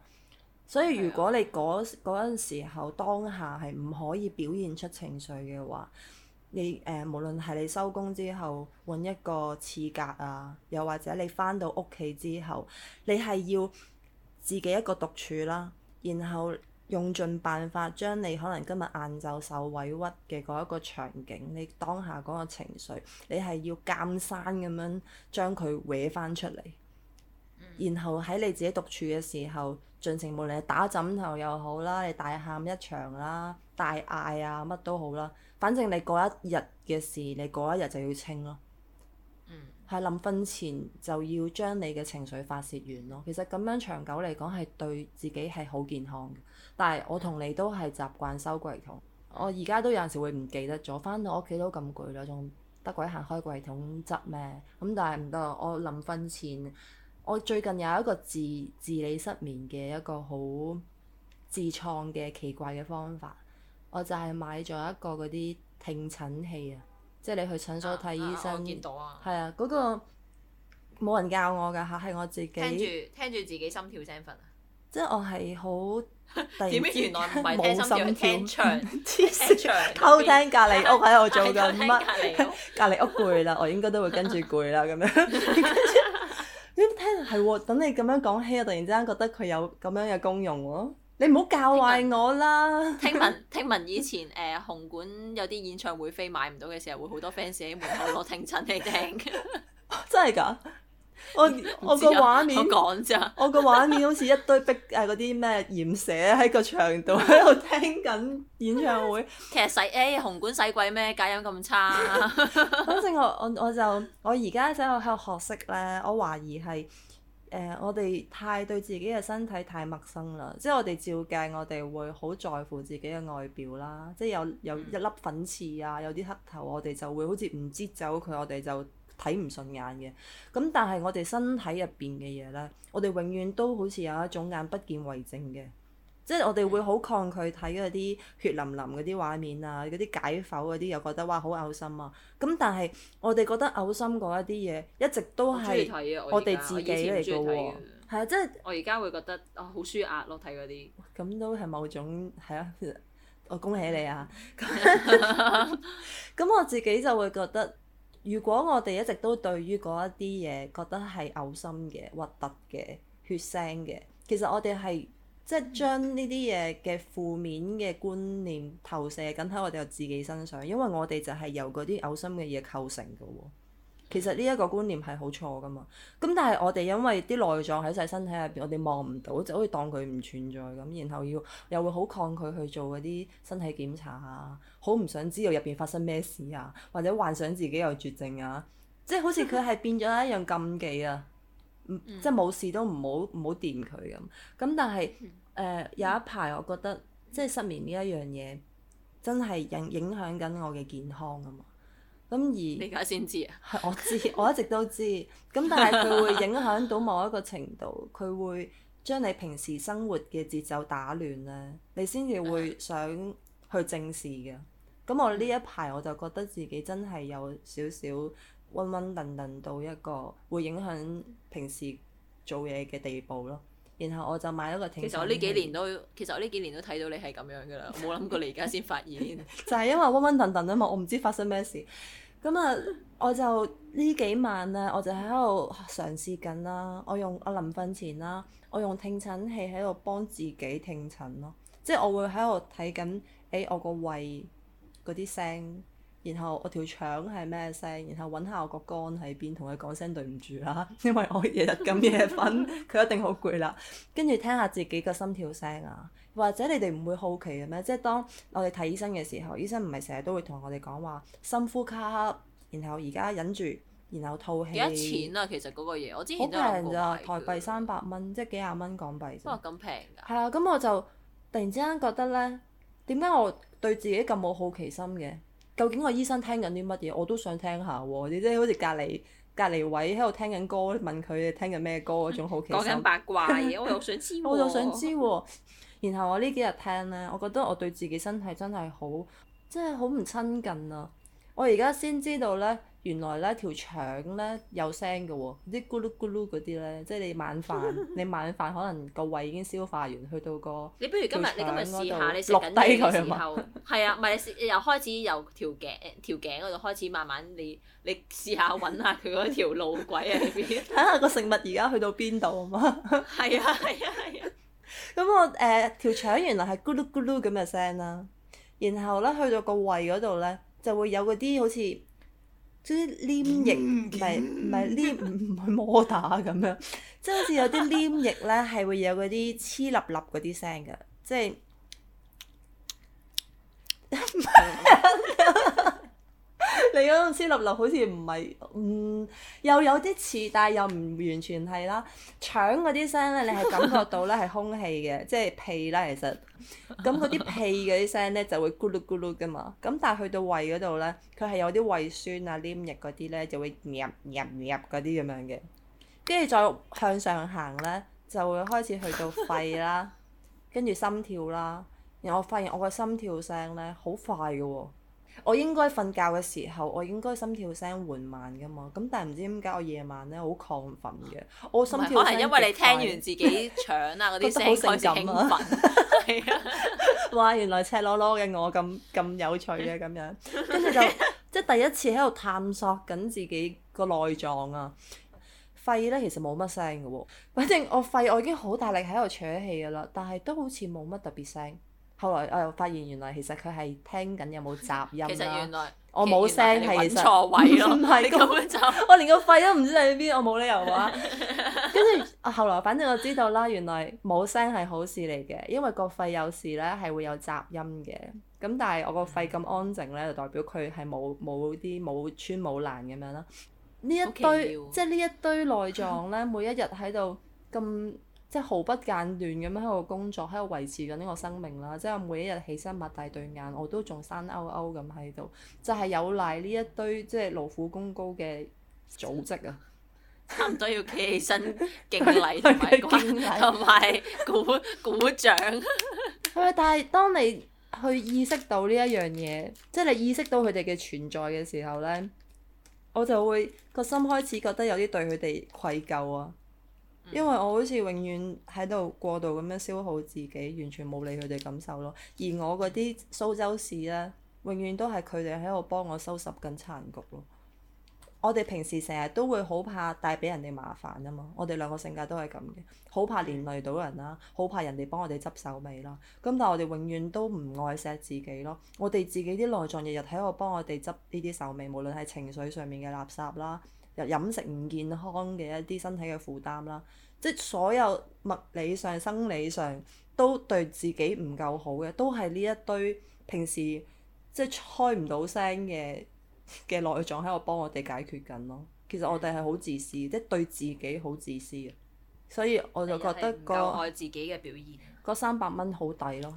所以如果你嗰嗰陣時候當下係唔可以表現出情緒嘅話，你誒、呃、無論係你收工之後揾一個廁格啊，又或者你翻到屋企之後，你係要自己一個獨處啦，然後。用盡辦法將你可能今日晏晝受委屈嘅嗰一個場景，你當下嗰個情緒，你係要鑑山咁樣將佢搲返出嚟，嗯、然後喺你自己獨處嘅時候盡情無理打枕頭又好啦，你大喊一場啦、大嗌啊乜都好啦，反正你嗰一日嘅事，你嗰一日就要清咯。喺臨瞓前就要將你嘅情緒發泄完咯。其實咁樣長久嚟講係對自己係好健康嘅。但係我同你都係習慣收櫃桶，我而家都有陣時會唔記得咗，返到屋企都咁攰啦，仲得鬼閒開櫃桶執咩？咁但係唔得，我臨瞓前，我最近有一個自自理失眠嘅一個好自創嘅奇怪嘅方法，我就係買咗一個嗰啲聽診器啊，即係你去診所睇醫生，係啊，嗰、啊啊嗰個冇人教我噶嚇，係我自己聽住聽住自己心跳聲瞓啊，即係我係好。點知原來唔係聽心跳，黐線，偷聽隔籬屋喺度做緊乜？隔籬屋攰啦，我應該都會跟住攰啦，咁樣。你聽係喎，等你咁樣講起我，突然之間覺得佢有咁樣嘅功用喎。你唔好教壞我啦。聽聞聽聞以前誒，紅館有啲演唱會飛買唔到嘅時候，會好多 fans 喺門口攞聽診器聽。真係噶～我我個畫面，我講咋？我個畫面好似一堆逼誒，嗰啲咩鹽蛇喺個牆度喺度聽緊演唱會。 其實使誒、哎，紅館使鬼咩？隔音咁差。 反正我我我就我而家想喺度學識咧，我懷疑係誒、呃，我哋太對自己嘅身體太陌生啦。即係我哋照鏡，我哋會好在乎自己嘅外表啦。即係有有，有一粒粉刺啊，有啲黑頭，我哋就會好似唔知走佢，我哋就。睇唔順眼嘅，咁但係我哋身體入邊嘅嘢呢，我哋永遠都好似有一種眼不見為淨嘅，即係我哋會好抗拒睇嗰啲血淋淋嗰啲畫面啊，嗰啲解剖嗰啲又覺得哇好嘔心啊，咁但係我哋覺得嘔心嗰一啲嘢一直都係我哋自己嚟嘅喎，係啊，即係我而家會覺得好、哦、舒壓咯、啊，睇嗰啲，咁都係某種係啊，我恭喜你啊，咁 我自己就會覺得。如果我哋一直都對於嗰一啲嘢覺得係嘔心嘅、核突嘅、血腥嘅，其實我哋係即係將呢啲嘢嘅負面嘅觀念投射緊喺我哋自己身上，因為我哋就係由嗰啲嘔心嘅嘢構成㗎喎。其實呢一個觀念係好錯㗎嘛，咁但係我哋因為啲內臟喺晒身體入邊，我哋望唔到，就好似當佢唔存在咁，然後要又會好抗拒去做嗰啲身體檢查啊，好唔想知道入邊發生咩事啊，或者幻想自己有絕症啊，即係好似佢係變咗一樣禁忌啊， 即係冇事都唔好唔好掂佢咁。咁但係誒、呃、有一排我覺得即係失眠呢一樣嘢真係影影響緊我嘅健康㗎嘛～咁而家你先知啊，係 我知，我一直都知。咁但係佢會影響到某一個程度，佢會將你平時生活嘅節奏打亂咧，你先至會想去正視嘅。咁 我呢一排我就覺得自己真係有少少昏昏沌沌到一個會影響平時做嘢嘅地步咯。然後我就買咗個聽診器。其實我呢幾年都，其實我呢幾年都睇到你係咁樣噶啦，我冇諗過你而家先發現。 就係因為暈暈陀陀啊嘛，我唔知發生咩事。咁啊， 我就呢幾晚咧，我就喺度嘗試緊啦。我用我臨瞓前啦，我用聽診器喺度幫自己聽診咯。即係我會喺度睇緊，誒、哎、我個胃嗰啲聲。然後我條腸係咩聲，然後揾下我個肝喺邊，同佢講聲對唔住啦，因為我日日咁夜瞓，佢 一定好攰啦。跟住聽下自己個心跳聲啊，或者你哋唔會好奇嘅咩？即係當我哋睇醫生嘅時候，醫生唔係成日都會同我哋講話深呼吸，然後而家忍住，然後吐氣。幾多錢啊？其實嗰個嘢，我之前好平咋，台幣三百蚊，嗯、即係幾廿蚊港幣。都係咁平。係啊，咁我就突然之間覺得呢，點解我對自己咁冇好奇心嘅？究竟個醫生聽緊啲乜嘢？我都想聽下喎，即係好似隔離隔離位喺度聽緊歌，問佢聽緊咩歌嗰種好奇。講緊、嗯、八卦嘢， 我又想知喎、啊。 我又想知、啊、 然後我呢幾日聽咧，我覺得我對自己身體真係好，真係好唔親近啊！我而家先知道咧。原來咧條腸咧有聲嘅喎，啲咕碌咕碌嗰啲咧，即係你晚飯， 你晚飯可能個胃已經消化完，去到個你不如今日條腸 你今日試試下，你食緊嘢嘅時候，係嘛啊，唔係又開始由條頸條頸嗰度開始慢慢你你試下揾下佢嗰條路軌喺邊，睇下個食物而家去到邊度啊嘛 。係啊係啊係啊，咁我誒條腸原來係咕碌咕碌咁嘅聲啦，然後咧去到個胃嗰度咧就會有嗰啲好似。啲黏液唔係唔係黏唔係摩打咁樣，即係好似有啲黏液咧，係會有嗰啲黐粒粒嗰啲聲噶，即係。 你嗰種黏立立好似唔係，嗯又有啲似，但係又唔完全係啦。腸嗰啲聲咧，你係感覺到咧係空氣嘅， 即係屁啦。其實，咁嗰啲屁嗰啲聲咧就會咕嚕咕嚕噶嘛。咁但係去到胃嗰度咧，佢係有啲胃酸啊、 黏液嗰啲咧就會入入入嗰啲咁樣嘅。跟住再向上行咧，就會開始去到肺啦， 跟住心跳啦。然後我發現我個心跳聲咧好快嘅喎、哦。我應該瞓覺嘅時候，我應該心跳聲緩慢噶嘛。咁但係唔知點解我夜晚咧好亢奮嘅。我心跳聲特別快。我係因為你聽完自己腸啊嗰啲 聲好性感呀。係啊！ 哇，原來赤裸裸嘅我咁咁有趣嘅咁樣，跟住就即係、就是、第一次喺度探索緊自己個內臟啊。肺咧其實冇乜聲嘅喎，反正我肺我已經好大力喺度扯氣嘅啦，但係都好似冇乜特別聲。後來我又發現原來其實佢係聽緊有冇雜音。原來，我冇聲係錯位咯，唔係咁，我連個肺都唔知喺邊，我冇理由話。跟住 後，後來反正我知道啦，原來冇聲係好事嚟嘅，因為個肺有事咧係會有雜音嘅。咁但係我個肺咁安靜咧，就代表佢係冇冇啲冇穿冇爛咁樣啦。呢一堆即係呢一堆內臟咧，每一日喺度咁。即係毫不間斷咁樣喺度工作，喺度維持緊呢個生命啦。即係我每一日起身擘大對眼，我都仲生勾勾咁喺度。就係有賴呢一堆即係勞苦功高嘅組織啊，差唔多要企起身敬禮同埋 鼓鼓掌。但係當你去意識到呢一樣嘢，即係你意識到佢哋嘅存在嘅時候呢，我就會個心開始覺得有啲對佢哋愧疚啊。因為我好似永遠喺度過度咁樣消耗自己，完全冇理佢哋感受咯。而我嗰啲蘇州屎咧，永遠都係佢哋喺度幫我收拾緊殘局咯。我哋平時成日都會好怕帶俾人哋麻煩啊嘛。我哋兩個性格都係咁嘅，好怕連累到人啦，好怕人哋幫我哋執手尾啦。咁但係我哋永遠都唔愛錫自己咯。我哋自己啲內臟日日喺度幫我哋執呢啲手尾，無論係情緒上面嘅垃圾啦。又飲食唔健康嘅一啲身體嘅負擔啦，即係所有物理上、生理上都對自己唔夠好嘅，都係呢一堆平時即係開唔到聲嘅嘅內臟喺度幫我哋解決緊咯。其實我哋係好自私，嗯、即係對自己好自私嘅，所以我就覺得個、哎、愛自己嘅表現，嗰三百蚊好抵咯，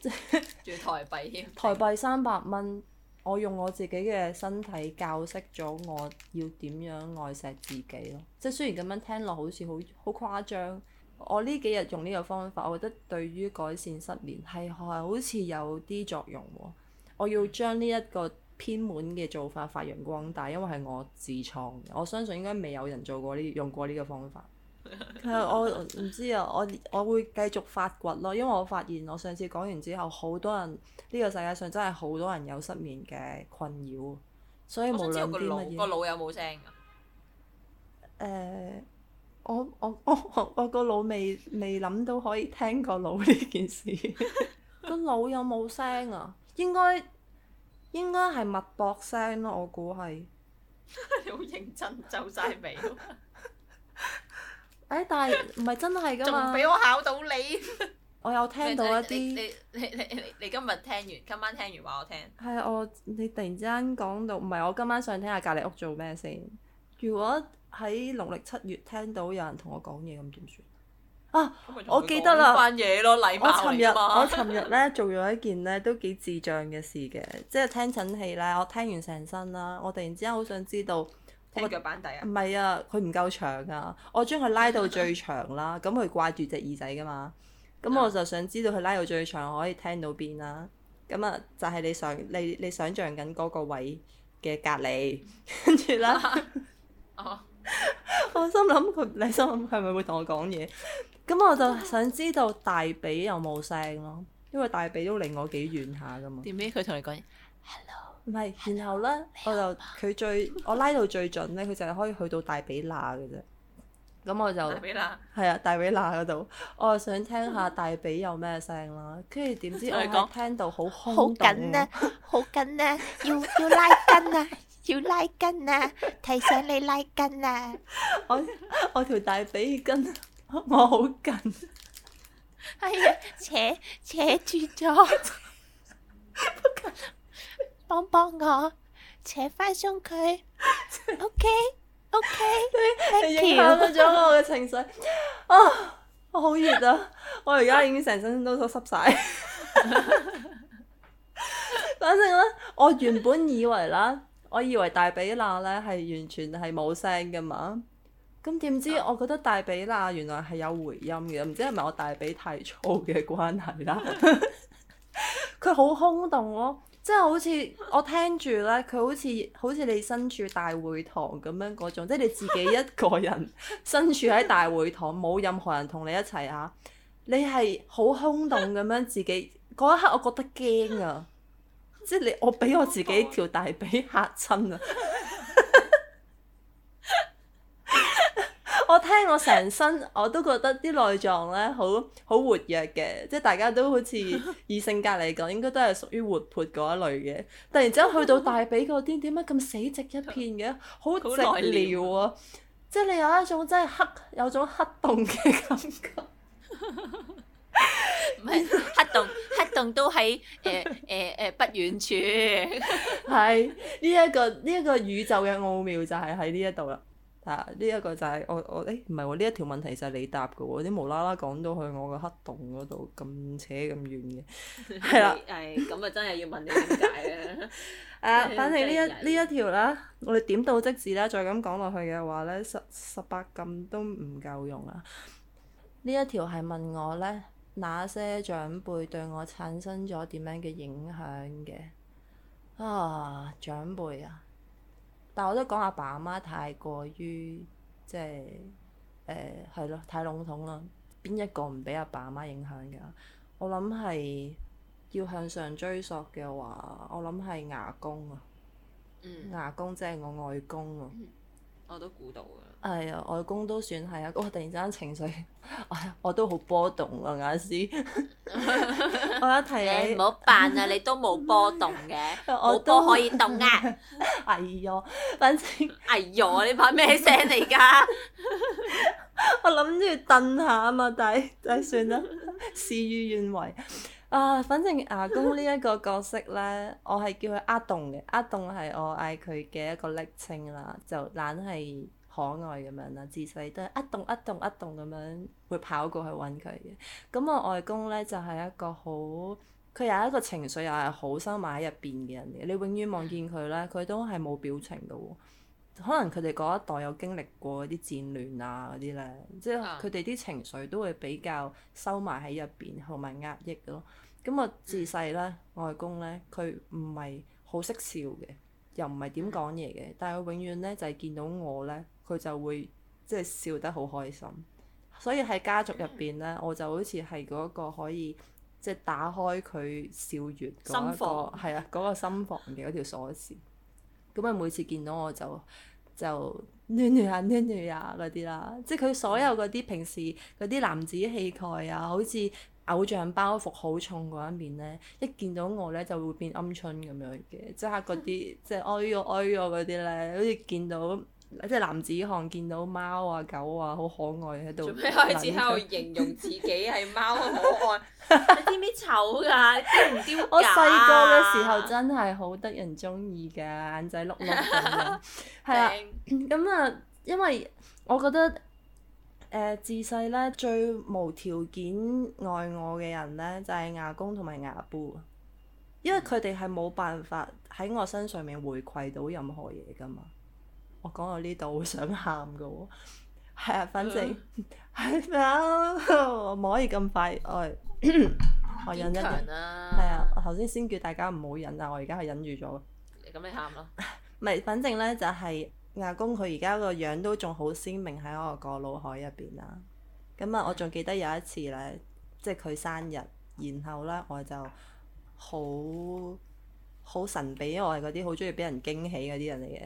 即係仲要台幣， 台幣三百蚊。我用我自己嘅身體教識咗我要點樣愛錫自己咯，即係雖然咁樣聽落好似好好誇張。我呢幾日用呢個方法，我覺得對於改善失眠係係好似有啲作用喎。我要將呢一個偏門嘅做法發揚光大，因為係我自創嘅，我相信應該未有人做過呢用過呢個方法。係 我唔知啊，我我會繼續發掘咯，因為我發現我上次講完之後，好多人呢、這個世界上真係好多人有失眠嘅困擾，所以無論我想知道個個腦麼有冇聲噶？誒、呃，我我我我個腦未未諗到可以聽個腦呢件事，個 腦 有冇聲啊？應該應該係脈搏聲咯，我估係 你好認真皺晒眉哎、欸，但係唔係真係噶嘛？仲俾我考到你！ 我有聽到一啲。你你你你你今日聽完，今晚聽完話我聽。係啊，我你突然之間講到，唔係我今晚想聽下隔離屋做咩先？如果喺農曆七月聽到有人同我講嘢，咁點算？啊，我記得啦。番嘢咯，禮貌嚟。我尋日。 我尋日咧做咗一件咧都幾智障嘅事嘅，即係聽診器啦，我聽完成身啦，我突然之間好想知道。喺腳我板底啊？唔係啊，佢唔夠長啊！我將佢拉到最長啦，咁佢掛住隻耳仔噶嘛，咁我就想知道佢拉到最長可以聽到邊啦。咁啊，就係你想你你想象緊嗰個位嘅隔籬，跟住啦。啊啊、 我心諗佢，你心諗佢係咪會同我講嘢？咁我就想知道大髀有冇聲咯，因為大髀都離我幾遠下噶嘛。點咩？佢同你講嘢？Hello. 唔係，然後咧，有我就佢最 我拉到最準咧，佢就係可以去到大髀罅嘅啫。咁我就比係啊，大髀罅嗰度，我係想聽下大髀有咩聲啦。跟住點知我聽到空 好空好緊咧，好緊咧、啊，要要拉筋啊， 要拉筋啊，提醒你拉筋啊。我我條大髀筋我好緊，係、 哎、扯，扯住咗。 幫幫我，扯翻鬆佢。 OK，OK，thank、okay? okay? 影響咗 我嘅情緒。哦、啊，我好熱啊！我而家已經成身都都濕晒。 反正咧，我原本以為啦，我以為大髀罅咧係完全係冇聲噶嘛。咁點知，我覺得大髀罅原來係有回音嘅，唔知係咪我大髀太粗嘅關係啦。佢 好空洞咯、哦。即係好似我聽住咧，佢好似好似你身處大會堂咁樣嗰種，即係你自己一個人身處喺大會堂，冇任何人同你一齊嚇，啊，你係好空洞咁樣自己嗰一刻，我覺得驚啊！即係你，我俾我自己條大髀嚇親啊！ 我聽我成身我都覺得啲內臟咧好好活躍嘅，即係大家都好似以性格嚟講，應該都係屬於活潑嗰一類嘅。突然之間去到大髀嗰啲，點解咁死寂一片嘅？好寂寥啊！啊即係你有一種真係黑有種黑洞嘅感覺。唔 係黑洞，黑洞都喺誒誒誒不遠處。係呢一個呢一個宇宙嘅奧妙就係喺呢一度啦。啊！呢、這、一個就係、是、我我誒唔係喎，呢、欸哦、一條問題就係你答嘅喎，啲無啦啦講到去我個黑洞嗰度咁扯咁遠嘅，係啦。係咁啊，真係要問你點解呀？誒，反正 一一呢一呢一條啦，我哋點到即止啦。再咁講落去嘅話呢，十十八禁都唔夠用啊！呢一條係問我呢，哪些長輩對我產生咗點樣嘅影響嘅？啊，長輩啊！但我都講阿爸，阿媽太過於，即係誒係咯，太籠統啦。邊一個唔俾阿爸阿媽影響㗎？我諗係要向上追溯嘅話，我諗係牙公啊，嗯、牙公即係我外公啊，我都估到嘅。係啊、哎，外公都算係啊，我突然之間情緒，哎、我都好波動啊，牙、哎、師。我，啊、 我一提你唔好扮啊，你都冇波動嘅，冇也波可以動啊。 哎呀，反正。 哎呀，你排咩聲嚟噶？ 我諗住蹬下啊嘛，但但算啦，事與願違。啊，反正牙公呢一個角色咧， 我係叫佢呃棟嘅，呃棟係我嗌佢嘅一個昵稱啦，就懶係。可愛咁樣啦，自細都係一動一、啊、動一、啊、動咁樣會跑過去揾佢嘅。咁我外公呢，就係、是、一個好，佢有一個情緒又係好收埋喺入邊嘅人嘅。你永遠望見佢呢，佢都係冇表情㗎喎、哦。可能佢哋嗰一代有經歷過啲戰亂啊嗰啲呢，即係佢哋啲情緒都會比較收埋喺入邊同埋壓抑咯。咁我自細呢，嗯、外公呢，佢唔係好識笑嘅，又唔係點講嘢嘅，但係佢永遠呢，就係、是、見到我呢。佢就會即係笑得好開心，所以喺家族入邊咧，我就好似係嗰個可以即係打開佢笑穴心房。係啊嗰、嗰個心房嘅嗰條鎖匙。咁啊每次見到我就就暖暖啊暖暖啊嗰啲啦，即係佢所有嗰啲平時嗰啲男子氣概啊，好似偶像包袱好重嗰一面咧，一見到我咧就會變鵪鶉咁樣嘅，即係嗰啲即係哀咗哀咗嗰啲咧，好似見到。即係男子漢見到貓啊狗啊好可愛喺度，做咩開始喺度形容自己係貓啊可愛？ 有啲咩醜噶？你知唔知。 我細個嘅時候真係好得人中意噶，眼仔碌碌咁樣。係啊，咁啊，因為我覺得誒、呃、自細咧最無條件愛我嘅人咧就係牙公同埋牙姑，因為佢哋係冇辦法喺我身上面回饋到任何嘢噶嘛。我講到呢度好想喊噶、哦，係 啊，反正係咩啊，唔 可以咁快，我、哎、 我忍一陣啦。係啊，頭先先叫大家唔好忍，忍、 就是、啊，我而家係忍住咗。咁你喊咯，咪反正咧就係亞公佢而家個樣都仲好鮮明喺我個腦海入邊啦。咁啊，我仲記得有一次咧，即係佢生日，然後咧我就好好神秘，因為我係嗰啲好中意俾人驚喜嗰啲人嚟嘅。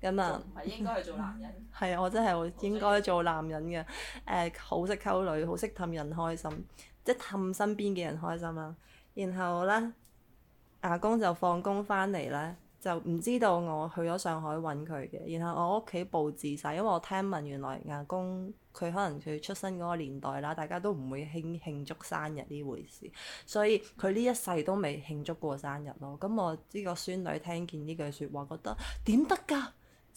咁啊，唔係、嗯、應該去做男人？係啊，我真係我應該做男人嘅。誒、 嗯，好識溝女，好識氹人開心，即係氹身邊嘅人開心啦。然後呢，阿公就放工翻嚟呢，就唔知道我去咗上海揾佢嘅。然後我屋企佈置晒，因為我聽聞原來阿公佢可能佢出生嗰個年代啦，大家都唔會慶慶祝生日呢回事，所以佢呢一世都未慶祝過生日咯。咁我呢個孫女聽見呢句説話，覺得點得㗎？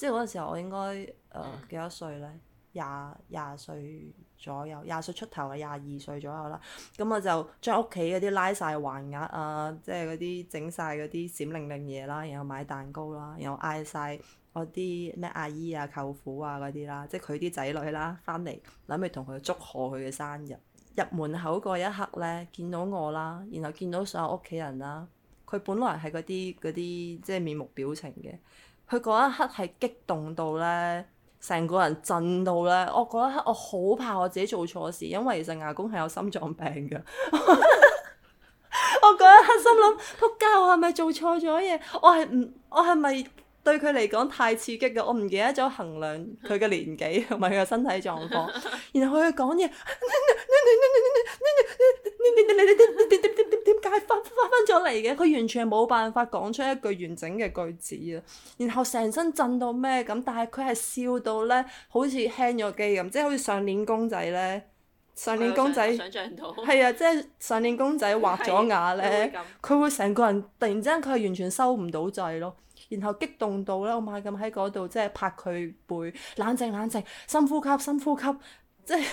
即係嗰陣時候，我應該誒幾、呃、多歲咧？廿廿歲左右，廿歲出頭啊，廿二歲左右啦。咁、嗯、我就將屋企嗰啲拉晒橫額啊、呃，即係嗰啲整晒嗰啲閃靈靈嘢啦，然後買蛋糕啦，然後嗌晒我啲咩阿姨啊、舅父啊嗰啲啦，即係佢啲仔女啦，翻嚟諗住同佢祝賀佢嘅生日。入門口嗰一刻咧，見到我啦，然後見到所有屋企人啦，佢本來係嗰啲嗰啲即係面目表情嘅。佢嗰一刻係激動到咧，成個人震到咧。我嗰一刻我好怕我自己做錯事，因為鄭牙公係有心臟病嘅。 我嗰一刻心諗，撲街！ 我係咪做錯咗嘢？我係唔，我係咪？對佢嚟講太刺激嘅，我唔記得咗衡量佢嘅年紀同埋佢嘅身體狀況。 然後佢講嘢，你點解翻翻咗嚟嘅？佢 完全係冇辦法講出一句完整嘅句子啊！然後成身震到咩咁？但係佢係笑到咧，好似輕咗機咁，即係好似上鏈公仔咧，上鏈公仔，想象到係啊，即係上鏈公仔滑咗、啊、牙咧，佢 的會成個人突然之間佢係完全收唔到掣咯。然後激動到咧，我猛咁喺嗰度即係拍佢背，冷靜冷靜，深呼吸深呼吸， 即係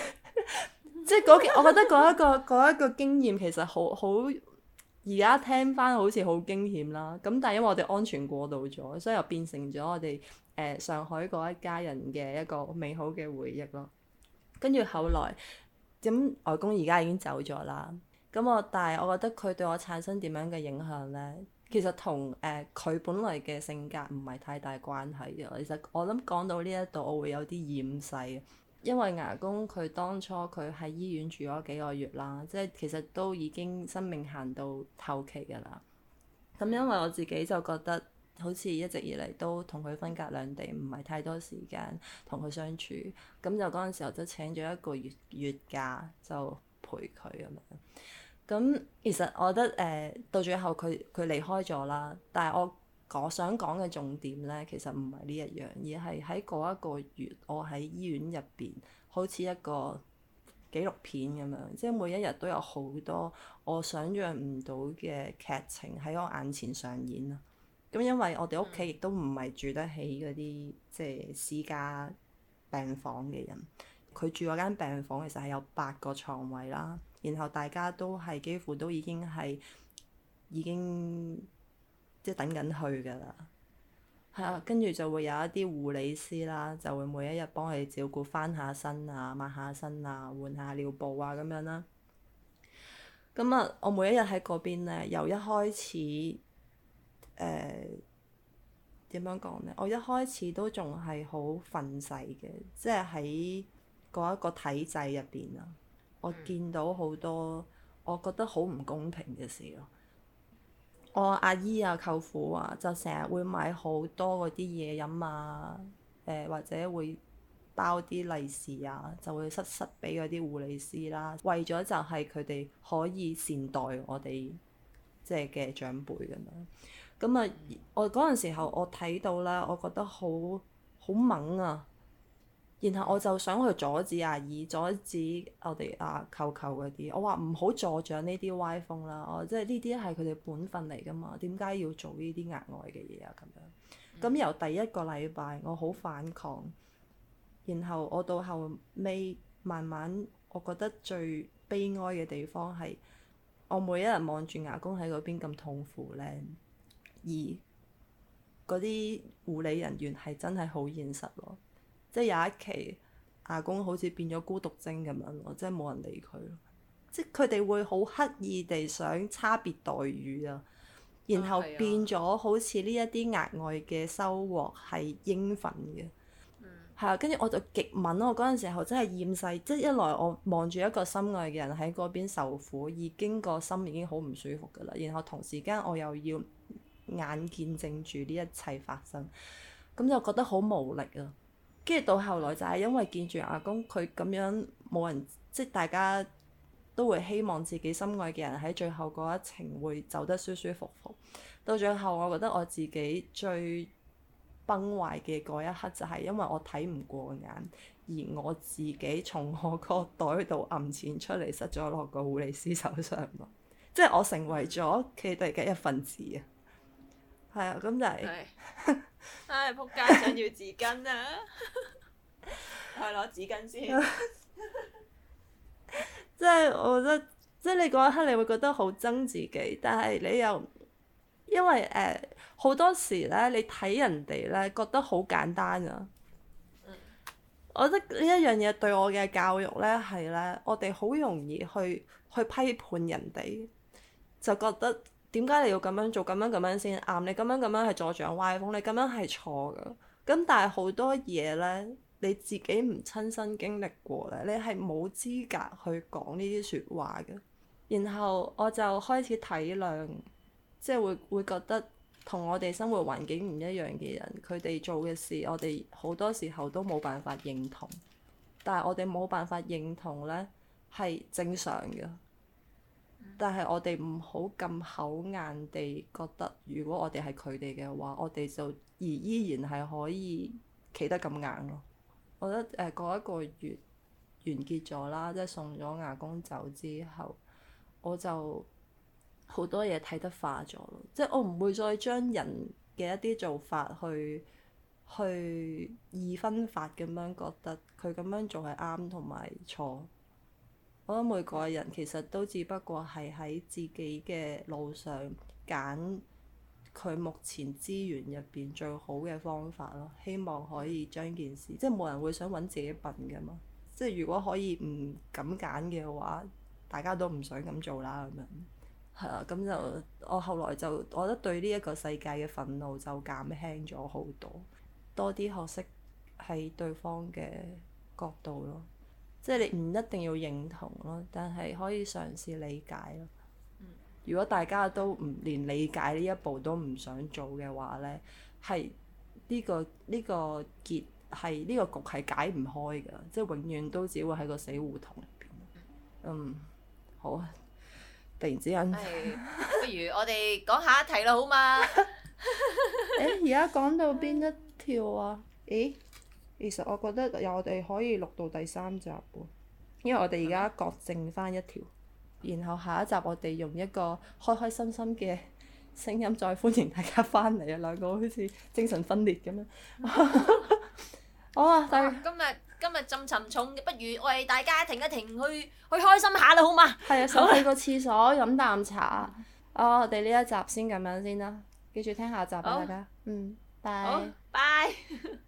即係嗰件，我覺得嗰一個一個經驗其實好好，而家聽翻好似好驚險啦。咁但係因為我哋安全過渡咗，所以又變成咗我哋誒、呃、上海嗰一家人嘅一個美好嘅回憶咯。跟住後，後來，咁、呃、外公而家已經走咗啦。咁我但係我覺得佢對我產生點樣嘅影響咧？其實同誒佢本嚟嘅性格唔係太大關係嘅。其實我諗講到呢一度，我會有啲厭世，因為牙公佢當初佢喺醫院住咗幾個月啦，即係其實都已經生命行到後期㗎啦。咁因為我自己就覺得，好似一直以嚟都同佢分隔兩地，唔係太多時間同佢相處。咁就嗰陣時候都請咗一個月月假，就陪佢咁樣。咁其實我覺得誒、呃、到最後佢佢離開咗啦，但係我我想講嘅重點咧，其實唔係呢一樣，而係喺嗰一個月我喺醫院入邊，好似一個紀錄片咁樣，即係每一日都有好多我想象唔到嘅劇情喺我眼前上演啦。咁因為我哋屋企亦都唔係住得起嗰啲即係私家病房嘅人，佢住嗰間病房其實係有八個床位啦。然後大家都係幾乎都已經係已經即係等緊去㗎啦。係啊，跟住就會有一啲護理師啦，就會每一日幫佢照顧翻下身啊、抹下身啊、換下尿布啊咁樣啦。咁、嗯、啊，我每一日喺嗰邊咧，由一開始誒點、呃、樣講咧？我一開始都仲係好憤世嘅，即係喺嗰一個體制入邊啊。我見到好多，我覺得好唔公平嘅事咯、啊。我阿姨啊、舅父啊，就成日會買好多嗰啲嘢飲啊，誒、呃、或者會包啲利是啊，就會塞塞俾嗰啲護理師啦、啊，為咗就係佢哋可以善待我哋即係嘅長輩咁樣。咁啊，我嗰陣時候我睇到啦，我覺得好好猛啊！然後我就想去阻止阿姨，阻止我哋阿舅舅嗰啲，我話唔好助長呢啲歪風啦。我即係呢啲係佢哋本分嚟㗎嘛，點解要做呢啲額外嘅嘢啊？咁樣咁、嗯、由第一個禮拜我好反抗，然後我到後尾慢慢，我覺得最悲哀嘅地方係我每一日望住牙公喺嗰邊咁痛苦咧，而嗰啲護理人員係真係好現實咯。即有一期，阿公好似變咗孤獨精咁樣咯，即係冇人理佢。即係佢哋會好刻意地想差別待遇啊，嗯、然後變咗、嗯、好似呢一啲額外嘅收穫係應份嘅，係啊、嗯。跟住我就極敏咯。我嗰陣時候真係厭世，即係一來我望住一個心愛嘅人喺嗰邊受苦，已經個心已經好唔舒服㗎啦。然後同時間我又要眼見證住呢一切發生，咁就覺得好無力啊。跟住到後來就係因為見住阿公佢咁樣冇人，即係大家都會希望自己心愛嘅人喺最後嗰一程會走得舒舒服服。到最後，我覺得我自己最崩壞嘅嗰一刻就係因為我睇唔過眼，而我自己從我個袋度揞錢出嚟，塞咗落個護理師手上，即係我成為咗佢哋嘅一份子。係啊，咁就係。唉， 仆、哎、街想要紙巾啊！去 攞紙巾先。 即係我覺得，即係你嗰一刻，你會覺得好憎自己，但係你又因為誒好、呃、多時咧，你睇人哋咧，覺得好簡單啊。嗯。我覺得呢一樣嘢對我嘅教育咧係咧，我哋好容易去去批判人哋，就覺得。點解你要咁樣做？咁樣咁樣先啱？你咁樣咁樣係助長歪風，你咁樣係錯噶。咁但係好多嘢呢，你自己唔親身經歷過咧，你係冇資格去講呢啲説話嘅。然後我就開始體諒，即係會會覺得同我哋生活環境唔一樣嘅人，佢哋做嘅事，我哋好多時候都冇辦法認同。但係我哋冇辦法認同呢，係正常嘅。但係我哋唔好咁口硬地覺得，如果我哋係佢哋嘅話，我哋就而依然係可以企得咁硬咯。我覺得誒過一個月完結咗啦，即係送咗牙公走之後，我就好多嘢睇得化咗咯。即係我唔會再將人嘅一啲做法去去二分法，咁樣覺得佢咁樣做係啱同埋錯。我覺得每個人其實都只不過係喺自己嘅路上揀佢目前資源入邊最好嘅方法咯。希望可以將件事，即係冇人會想揾自己笨㗎嘛。即係如果可以唔咁揀嘅話，大家都唔想咁做啦。咁樣係啊，咁就我後來就我覺得對呢一個世界嘅憤怒就減輕咗好多，多啲學識喺對方嘅角度咯。即係你唔一定要認同咯，但係可以嘗試理解咯。嗯、如果大家都唔連理解呢一步都唔想做嘅話咧，係呢、呢個呢、呢個結係呢、呢個局係解唔開㗎，即係永遠都只會喺個死胡同入面。嗯，好啊！突然之間、哎， 不如我哋講下一題啦，好嗎？誒、 欸，而家講到邊一條啊？咦、欸？其實我覺得又我哋可以錄到第三集喎，因為我哋而家各剩翻一條，嗯、然後下一集我哋用一個開開心心嘅聲音再歡迎大家翻嚟啊！兩個好似精神分裂咁樣，啊！今日今日咁沉重，不如我哋大家停一停，去去開心下啦，好嘛？係啊，先去個廁所飲啖、啊、茶。哦、啊，我哋呢一集先咁樣先啦，記住聽下集啊，好大家嗯，拜拜。好